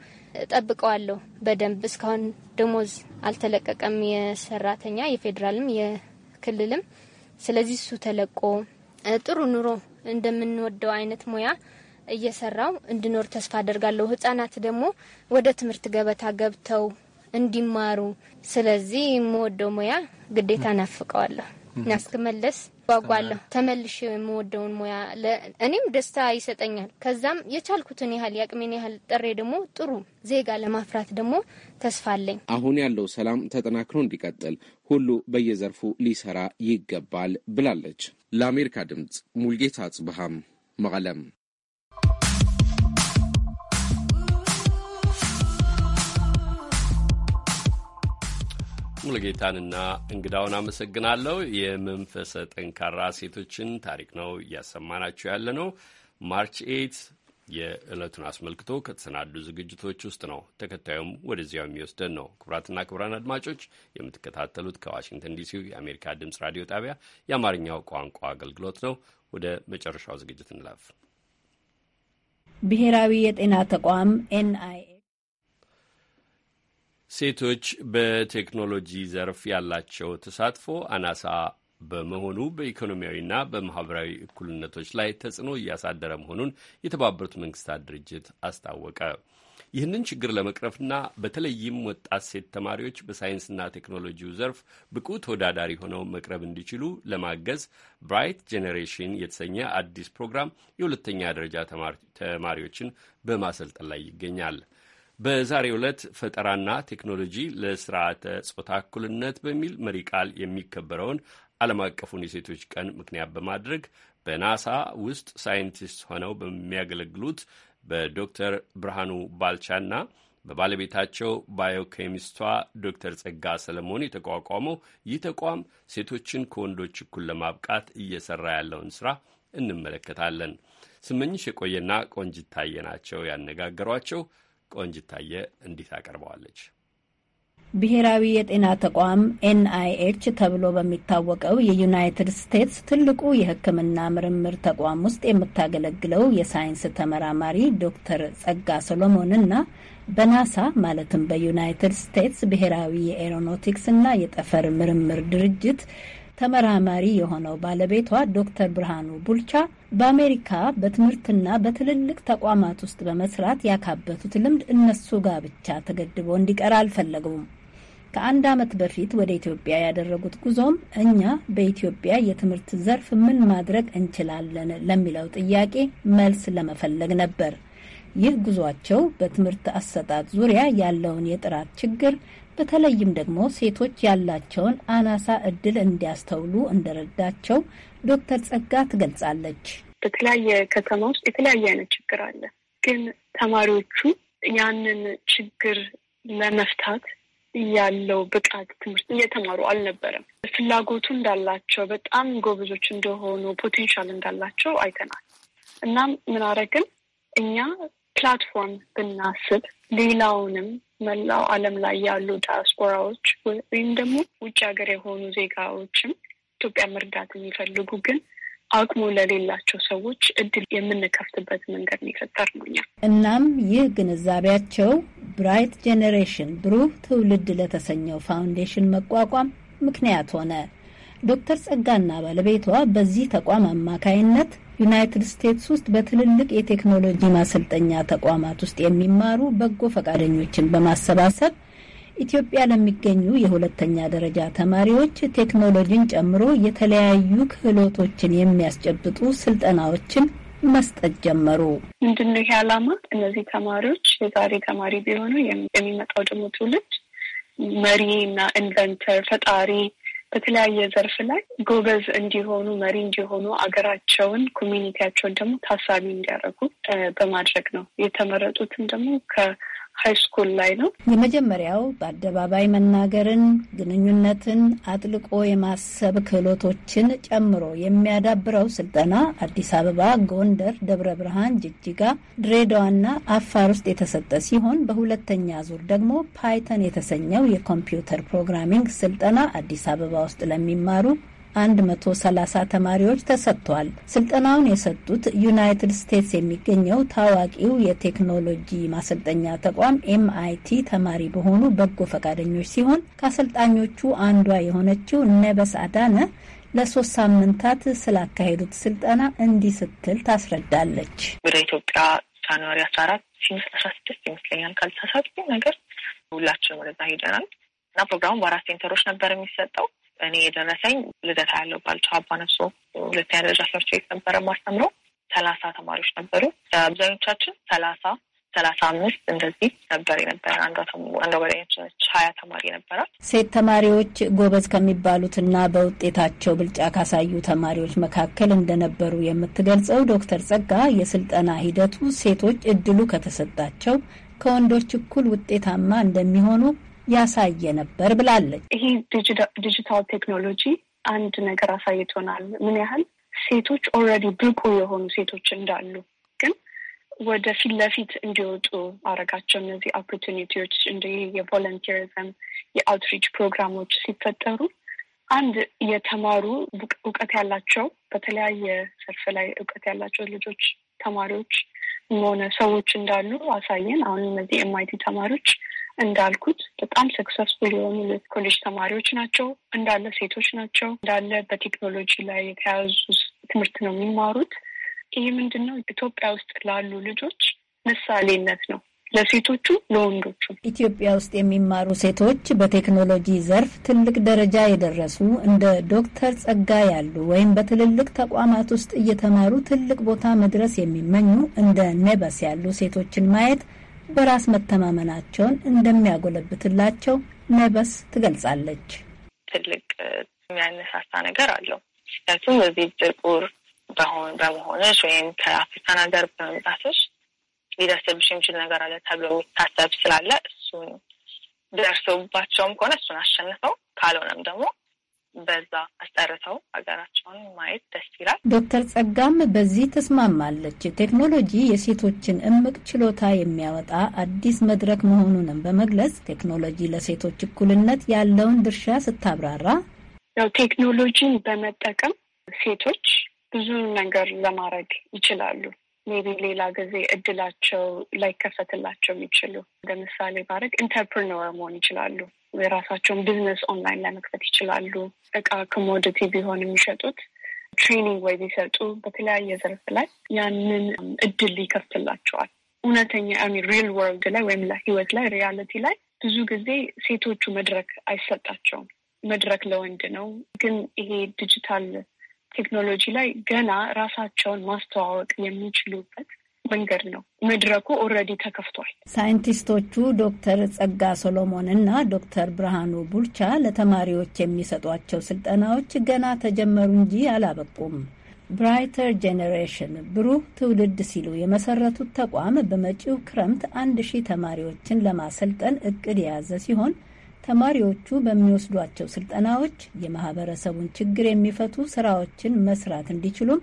ጠብቀዋለሁ በደንብ እስካሁን ደሞዝ አልተለቀቀም፣ የሰራተኛ የፌዴራልም የክልልም። ስለዚህ እሱ ተለቆ ጥሩ ኑሮ እንደምንወደው አይነት ሙያ እየሰራው እንድኖር ተስፋ አደርጋለሁ። ህጻናት ደግሞ ወደ ትምህርት ገበታ ገብተው እንዲማሩ። ስለዚህ የምወደው ሙያ ግዴታ ናፍቀዋለሁ ናስክመለስ ጓጓለሁ ተመልሼ የምወደውን ሙያ እኔም ደስታ ይሰጠኛል። ከዛም የቻልኩትን ያህል የአቅሜን ያህል ጥሬ ደግሞ ጥሩ ዜጋ ለማፍራት ደግሞ ተስፋ አለኝ። አሁን ያለው ሰላም ተጠናክሮ እንዲቀጥል ሁሉ በየዘርፉ ሊሰራ ይገባል ብላለች። ለአሜሪካ ድምፅ ሙልጌታ አጽብሃም መቀለም ሙሉጌታንና እንግዳውን አመሰግናለሁ። የመንፈሰ ጠንካራ ሴቶችን ታሪክ ነው እያሰማናችሁ ያለ ነው። ማርች ኤት የዕለቱን አስመልክቶ ከተሰናዱ ዝግጅቶች ውስጥ ነው። ተከታዩም ወደዚያው የሚወስደን ነው። ክቡራትና ክቡራን አድማጮች የምትከታተሉት ከዋሽንግተን ዲሲ የአሜሪካ ድምፅ ራዲዮ ጣቢያ የአማርኛው ቋንቋ አገልግሎት ነው። ወደ መጨረሻው ዝግጅት እንላፍ። ብሔራዊ የጤና ተቋም ኤንአይኤ ሴቶች በቴክኖሎጂ ዘርፍ ያላቸው ተሳትፎ አናሳ በመሆኑ በኢኮኖሚያዊና በማህበራዊ እኩልነቶች ላይ ተጽዕኖ እያሳደረ መሆኑን የተባበሩት መንግስታት ድርጅት አስታወቀ። ይህንን ችግር ለመቅረፍና በተለይም ወጣት ሴት ተማሪዎች በሳይንስና ቴክኖሎጂው ዘርፍ ብቁ ተወዳዳሪ ሆነው መቅረብ እንዲችሉ ለማገዝ ብራይት ጄኔሬሽን የተሰኘ አዲስ ፕሮግራም የሁለተኛ ደረጃ ተማሪዎችን በማሰልጠን ላይ ይገኛል። በዛሬው ዕለት ፈጠራና ቴክኖሎጂ ለስርዓተ ጾታ እኩልነት በሚል መሪ ቃል የሚከበረውን ዓለም አቀፉን የሴቶች ቀን ምክንያት በማድረግ በናሳ ውስጥ ሳይንቲስት ሆነው በሚያገለግሉት በዶክተር ብርሃኑ ባልቻና በባለቤታቸው ባዮኬሚስቷ ዶክተር ጸጋ ሰለሞን የተቋቋመው ይህ ተቋም ሴቶችን ከወንዶች እኩል ለማብቃት እየሰራ ያለውን ስራ እንመለከታለን። ስመኝሽ የቆየና ቆንጅታየ ናቸው ያነጋገሯቸው። ቆንጅታየ እንዲት አቀርበዋለች። ብሔራዊ የጤና ተቋም ኤንአይኤች ተብሎ በሚታወቀው የዩናይትድ ስቴትስ ትልቁ የሕክምና ምርምር ተቋም ውስጥ የምታገለግለው የሳይንስ ተመራማሪ ዶክተር ጸጋ ሶሎሞን እና በናሳ ማለትም በዩናይትድ ስቴትስ ብሔራዊ የኤሮኖቲክስ እና የጠፈር ምርምር ድርጅት ተመራማሪ የሆነው ባለቤቷ ዶክተር ብርሃኑ ቡልቻ በአሜሪካ በትምህርትና በትልልቅ ተቋማት ውስጥ በመስራት ያካበቱት ልምድ እነሱ ጋር ብቻ ተገድቦ እንዲቀር አልፈለጉም። ከአንድ ዓመት በፊት ወደ ኢትዮጵያ ያደረጉት ጉዞም እኛ በኢትዮጵያ የትምህርት ዘርፍ ምን ማድረግ እንችላለን ለሚለው ጥያቄ መልስ ለመፈለግ ነበር። ይህ ጉዟቸው በትምህርት አሰጣጥ ዙሪያ ያለውን የጥራት ችግር በተለይም ደግሞ ሴቶች ያላቸውን አናሳ እድል እንዲያስተውሉ እንደረዳቸው ዶክተር ጸጋ ትገልጻለች። በተለያየ ከተማ ውስጥ የተለያየ አይነት ችግር አለ። ግን ተማሪዎቹ ያንን ችግር ለመፍታት ያለው ብቃት ትምህርት እየተማሩ አልነበረም። ፍላጎቱ እንዳላቸው በጣም ጎበዞች እንደሆኑ ፖቴንሻል እንዳላቸው አይተናል። እናም ምን አረግን እኛ ፕላትፎርም ብናስብ ሌላውንም መላው ዓለም ላይ ያሉ ዳያስፖራዎች ወይም ደግሞ ውጭ ሀገር የሆኑ ዜጋዎችም ኢትዮጵያ መርዳት የሚፈልጉ ግን አቅሙ ለሌላቸው ሰዎች እድል የምንከፍትበት መንገድ የፈጠር ነው። እናም ይህ ግንዛቤያቸው ብራይት ጄኔሬሽን ብሩህ ትውልድ ለተሰኘው ፋውንዴሽን መቋቋም ምክንያት ሆነ። ዶክተር ጸጋና ባለቤቷ በዚህ ተቋም አማካይነት ዩናይትድ ስቴትስ ውስጥ በትልልቅ የቴክኖሎጂ ማሰልጠኛ ተቋማት ውስጥ የሚማሩ በጎ ፈቃደኞችን በማሰባሰብ ኢትዮጵያ ለሚገኙ የሁለተኛ ደረጃ ተማሪዎች ቴክኖሎጂን ጨምሮ የተለያዩ ክህሎቶችን የሚያስጨብጡ ስልጠናዎችን መስጠት ጀመሩ። ምንድን ነው ይሄ ዓላማ? እነዚህ ተማሪዎች የዛሬ ተማሪ ቢሆኑ የሚመጣው ደግሞ ትውልድ መሪ እና ኢንቨንተር ፈጣሪ በተለያየ ዘርፍ ላይ ጎበዝ እንዲሆኑ፣ መሪ እንዲሆኑ፣ አገራቸውን ኮሚኒቲያቸውን ደግሞ ታሳቢ እንዲያደርጉ በማድረግ ነው። የተመረጡትም ደግሞ ሃይስኩል ላይ ነው። የመጀመሪያው በአደባባይ መናገርን፣ ግንኙነትን አጥልቆ የማሰብ ክህሎቶችን ጨምሮ የሚያዳብረው ስልጠና አዲስ አበባ፣ ጎንደር፣ ደብረ ብርሃን፣ ጅጅጋ፣ ድሬዳዋና አፋር ውስጥ የተሰጠ ሲሆን በሁለተኛ ዙር ደግሞ ፓይተን የተሰኘው የኮምፒውተር ፕሮግራሚንግ ስልጠና አዲስ አበባ ውስጥ ለሚማሩ 130 ተማሪዎች ተሰጥቷል። ስልጠናውን የሰጡት ዩናይትድ ስቴትስ የሚገኘው ታዋቂው የቴክኖሎጂ ማሰልጠኛ ተቋም ኤምአይቲ ተማሪ በሆኑ በጎ ፈቃደኞች ሲሆን ከአሰልጣኞቹ አንዷ የሆነችው ነበስ አዳነ ለሶስት ሳምንታት ስላካሄዱት ስልጠና እንዲህ ስትል ታስረዳለች። ወደ ኢትዮጵያ ጃንዋሪ አስራ አራት ሲምስ አስራ ስድስት ይመስለኛል ካልተሳሳትኩ ነገር ሁላችንም ወደዛ ሄደናል እና ፕሮግራሙ በአራት ሴንተሮች ነበር የሚሰጠው እኔ የደረሰኝ ልደታ ያለው ባልቻ አባ ነፍሶ ሁለተኛ ደረጃ ትምህርት ቤት ነበረ ማስተምረው። ሰላሳ ተማሪዎች ነበሩ። አብዛኞቻችን ሰላሳ ሰላሳ አምስት እንደዚህ ነበር የነበረ። አንዷ ጓደኛችን ሀያ ተማሪ ነበራት። ሴት ተማሪዎች ጎበዝ ከሚባሉትና በውጤታቸው ብልጫ ካሳዩ ተማሪዎች መካከል እንደነበሩ የምትገልጸው ዶክተር ጸጋ የስልጠና ሂደቱ ሴቶች እድሉ ከተሰጣቸው ከወንዶች እኩል ውጤታማ እንደሚሆኑ ያሳየ ነበር ብላለች። ይሄ ዲጂታል ቴክኖሎጂ አንድ ነገር አሳይቶናል፣ ምን ያህል ሴቶች ኦልሬዲ ብቁ የሆኑ ሴቶች እንዳሉ ግን ወደ ፊት ለፊት እንዲወጡ አረጋቸው። እነዚህ ኦፖርቹኒቲዎች እንደ የቮለንቲሪዝም የአውትሪች ፕሮግራሞች ሲፈጠሩ አንድ የተማሩ እውቀት ያላቸው በተለያየ ዘርፍ ላይ እውቀት ያላቸው ልጆች ተማሪዎች መሆነ ሰዎች እንዳሉ አሳየን። አሁን እነዚህ ኤምአይቲ ተማሪዎች እንዳልኩት በጣም ሰክሰስፉል የሆኑ ኮሌጅ ተማሪዎች ናቸው። እንዳለ ሴቶች ናቸው። እንዳለ በቴክኖሎጂ ላይ የተያዙ ትምህርት ነው የሚማሩት። ይህ ምንድን ነው ኢትዮጵያ ውስጥ ላሉ ልጆች ምሳሌነት ነው፣ ለሴቶቹ ለወንዶቹ። ኢትዮጵያ ውስጥ የሚማሩ ሴቶች በቴክኖሎጂ ዘርፍ ትልቅ ደረጃ የደረሱ እንደ ዶክተር ጸጋ ያሉ ወይም በትልልቅ ተቋማት ውስጥ እየተማሩ ትልቅ ቦታ መድረስ የሚመኙ እንደ ኔበስ ያሉ ሴቶችን ማየት በራስ መተማመናቸውን እንደሚያጎለብትላቸው ነበስ ትገልጻለች። ትልቅ የሚያነሳሳ ነገር አለው። ምክንያቱም በዚህ ጥቁር በመሆንሽ ወይም ከአፍሪካን ሀገር በመምጣትሽ ሊደርስብሽ የሚችል ነገር አለ ተብሎ የሚታሰብ ስላለ እሱን ደርሶባቸውም ከሆነ እሱን አሸንፈው ካልሆነም ደግሞ በዛ አስጠርተው ሀገራቸውን ማየት ደስ ይላል። ዶክተር ጸጋም በዚህ ተስማማለች። ቴክኖሎጂ የሴቶችን እምቅ ችሎታ የሚያወጣ አዲስ መድረክ መሆኑንም በመግለጽ ቴክኖሎጂ ለሴቶች እኩልነት ያለውን ድርሻ ስታብራራ ያው ቴክኖሎጂን በመጠቀም ሴቶች ብዙ ነገር ለማድረግ ይችላሉ። ሜቢ ሌላ ጊዜ እድላቸው ላይከፈትላቸው የሚችሉ ለምሳሌ ማድረግ ኢንተርፕርነር መሆን ይችላሉ። የራሳቸውን ቢዝነስ ኦንላይን ለመክፈት ይችላሉ። እቃ ኮሞዲቲ ቢሆን የሚሸጡት ትሬኒንግ ወይ ቢሰጡ በተለያየ ዘርፍ ላይ ያንን እድል ይከፍትላቸዋል። እውነተኛ ሪል ወርልድ ላይ ወይም ህይወት ላይ ሪያልቲ ላይ ብዙ ጊዜ ሴቶቹ መድረክ አይሰጣቸውም። መድረክ ለወንድ ነው። ግን ይሄ ዲጂታል ቴክኖሎጂ ላይ ገና ራሳቸውን ማስተዋወቅ የሚችሉበት መንገድ ነው። መድረኩ ኦልሬዲ ተከፍቷል። ሳይንቲስቶቹ ዶክተር ጸጋ ሶሎሞን እና ዶክተር ብርሃኑ ቡልቻ ለተማሪዎች የሚሰጧቸው ስልጠናዎች ገና ተጀመሩ እንጂ አላበቁም። ብራይተር ጄኔሬሽን ብሩህ ትውልድ ሲሉ የመሰረቱት ተቋም በመጪው ክረምት አንድ ሺህ ተማሪዎችን ለማሰልጠን እቅድ የያዘ ሲሆን ተማሪዎቹ በሚወስዷቸው ስልጠናዎች የማህበረሰቡን ችግር የሚፈቱ ስራዎችን መስራት እንዲችሉም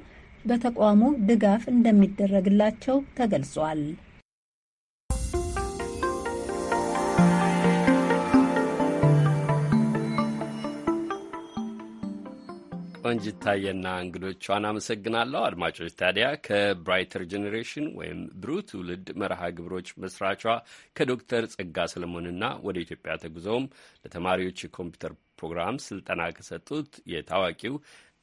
በተቋሙ ድጋፍ እንደሚደረግላቸው ተገልጿል። ቆንጅታየና ታየና እንግዶቿን አመሰግናለሁ። አድማጮች ታዲያ ከብራይተር ጄኔሬሽን ወይም ብሩህ ትውልድ መርሃ ግብሮች መስራቿ ከዶክተር ጸጋ ሰለሞንና ወደ ኢትዮጵያ ተጉዘውም ለተማሪዎች የኮምፒውተር ፕሮግራም ስልጠና ከሰጡት የታዋቂው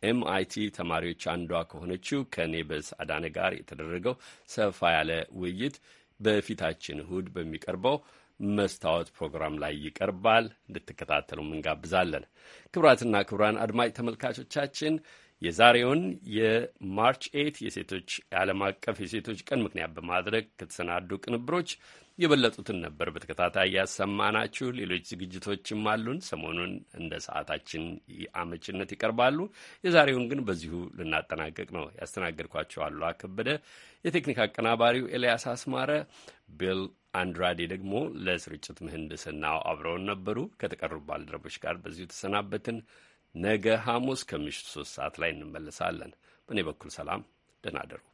ኤምአይቲ ተማሪዎች አንዷ ከሆነችው ከኔበስ አዳነ ጋር የተደረገው ሰፋ ያለ ውይይት በፊታችን እሁድ በሚቀርበው መስታወት ፕሮግራም ላይ ይቀርባል። እንድትከታተሉም እንጋብዛለን። ክቡራትና ክቡራን አድማጭ ተመልካቾቻችን የዛሬውን የማርች ኤት የሴቶች የዓለም አቀፍ የሴቶች ቀን ምክንያት በማድረግ ከተሰናዱ ቅንብሮች የበለጡትን ነበር በተከታታይ ያሰማናችሁ። ሌሎች ዝግጅቶችም አሉን። ሰሞኑን እንደ ሰዓታችን አመችነት ይቀርባሉ። የዛሬውን ግን በዚሁ ልናጠናቀቅ ነው። ያስተናገድኳቸው አሉ ከበደ፣ የቴክኒክ አቀናባሪው ኤልያስ አስማረ፣ ቢል አንድራዴ ደግሞ ለስርጭት ምህንድስናው አብረውን ነበሩ። ከተቀሩ ባልደረቦች ጋር በዚሁ ተሰናበትን። ነገ ሐሙስ ከምሽቱ ሶስት ሰዓት ላይ እንመለሳለን። በእኔ በኩል ሰላም፣ ደህና አደሩ።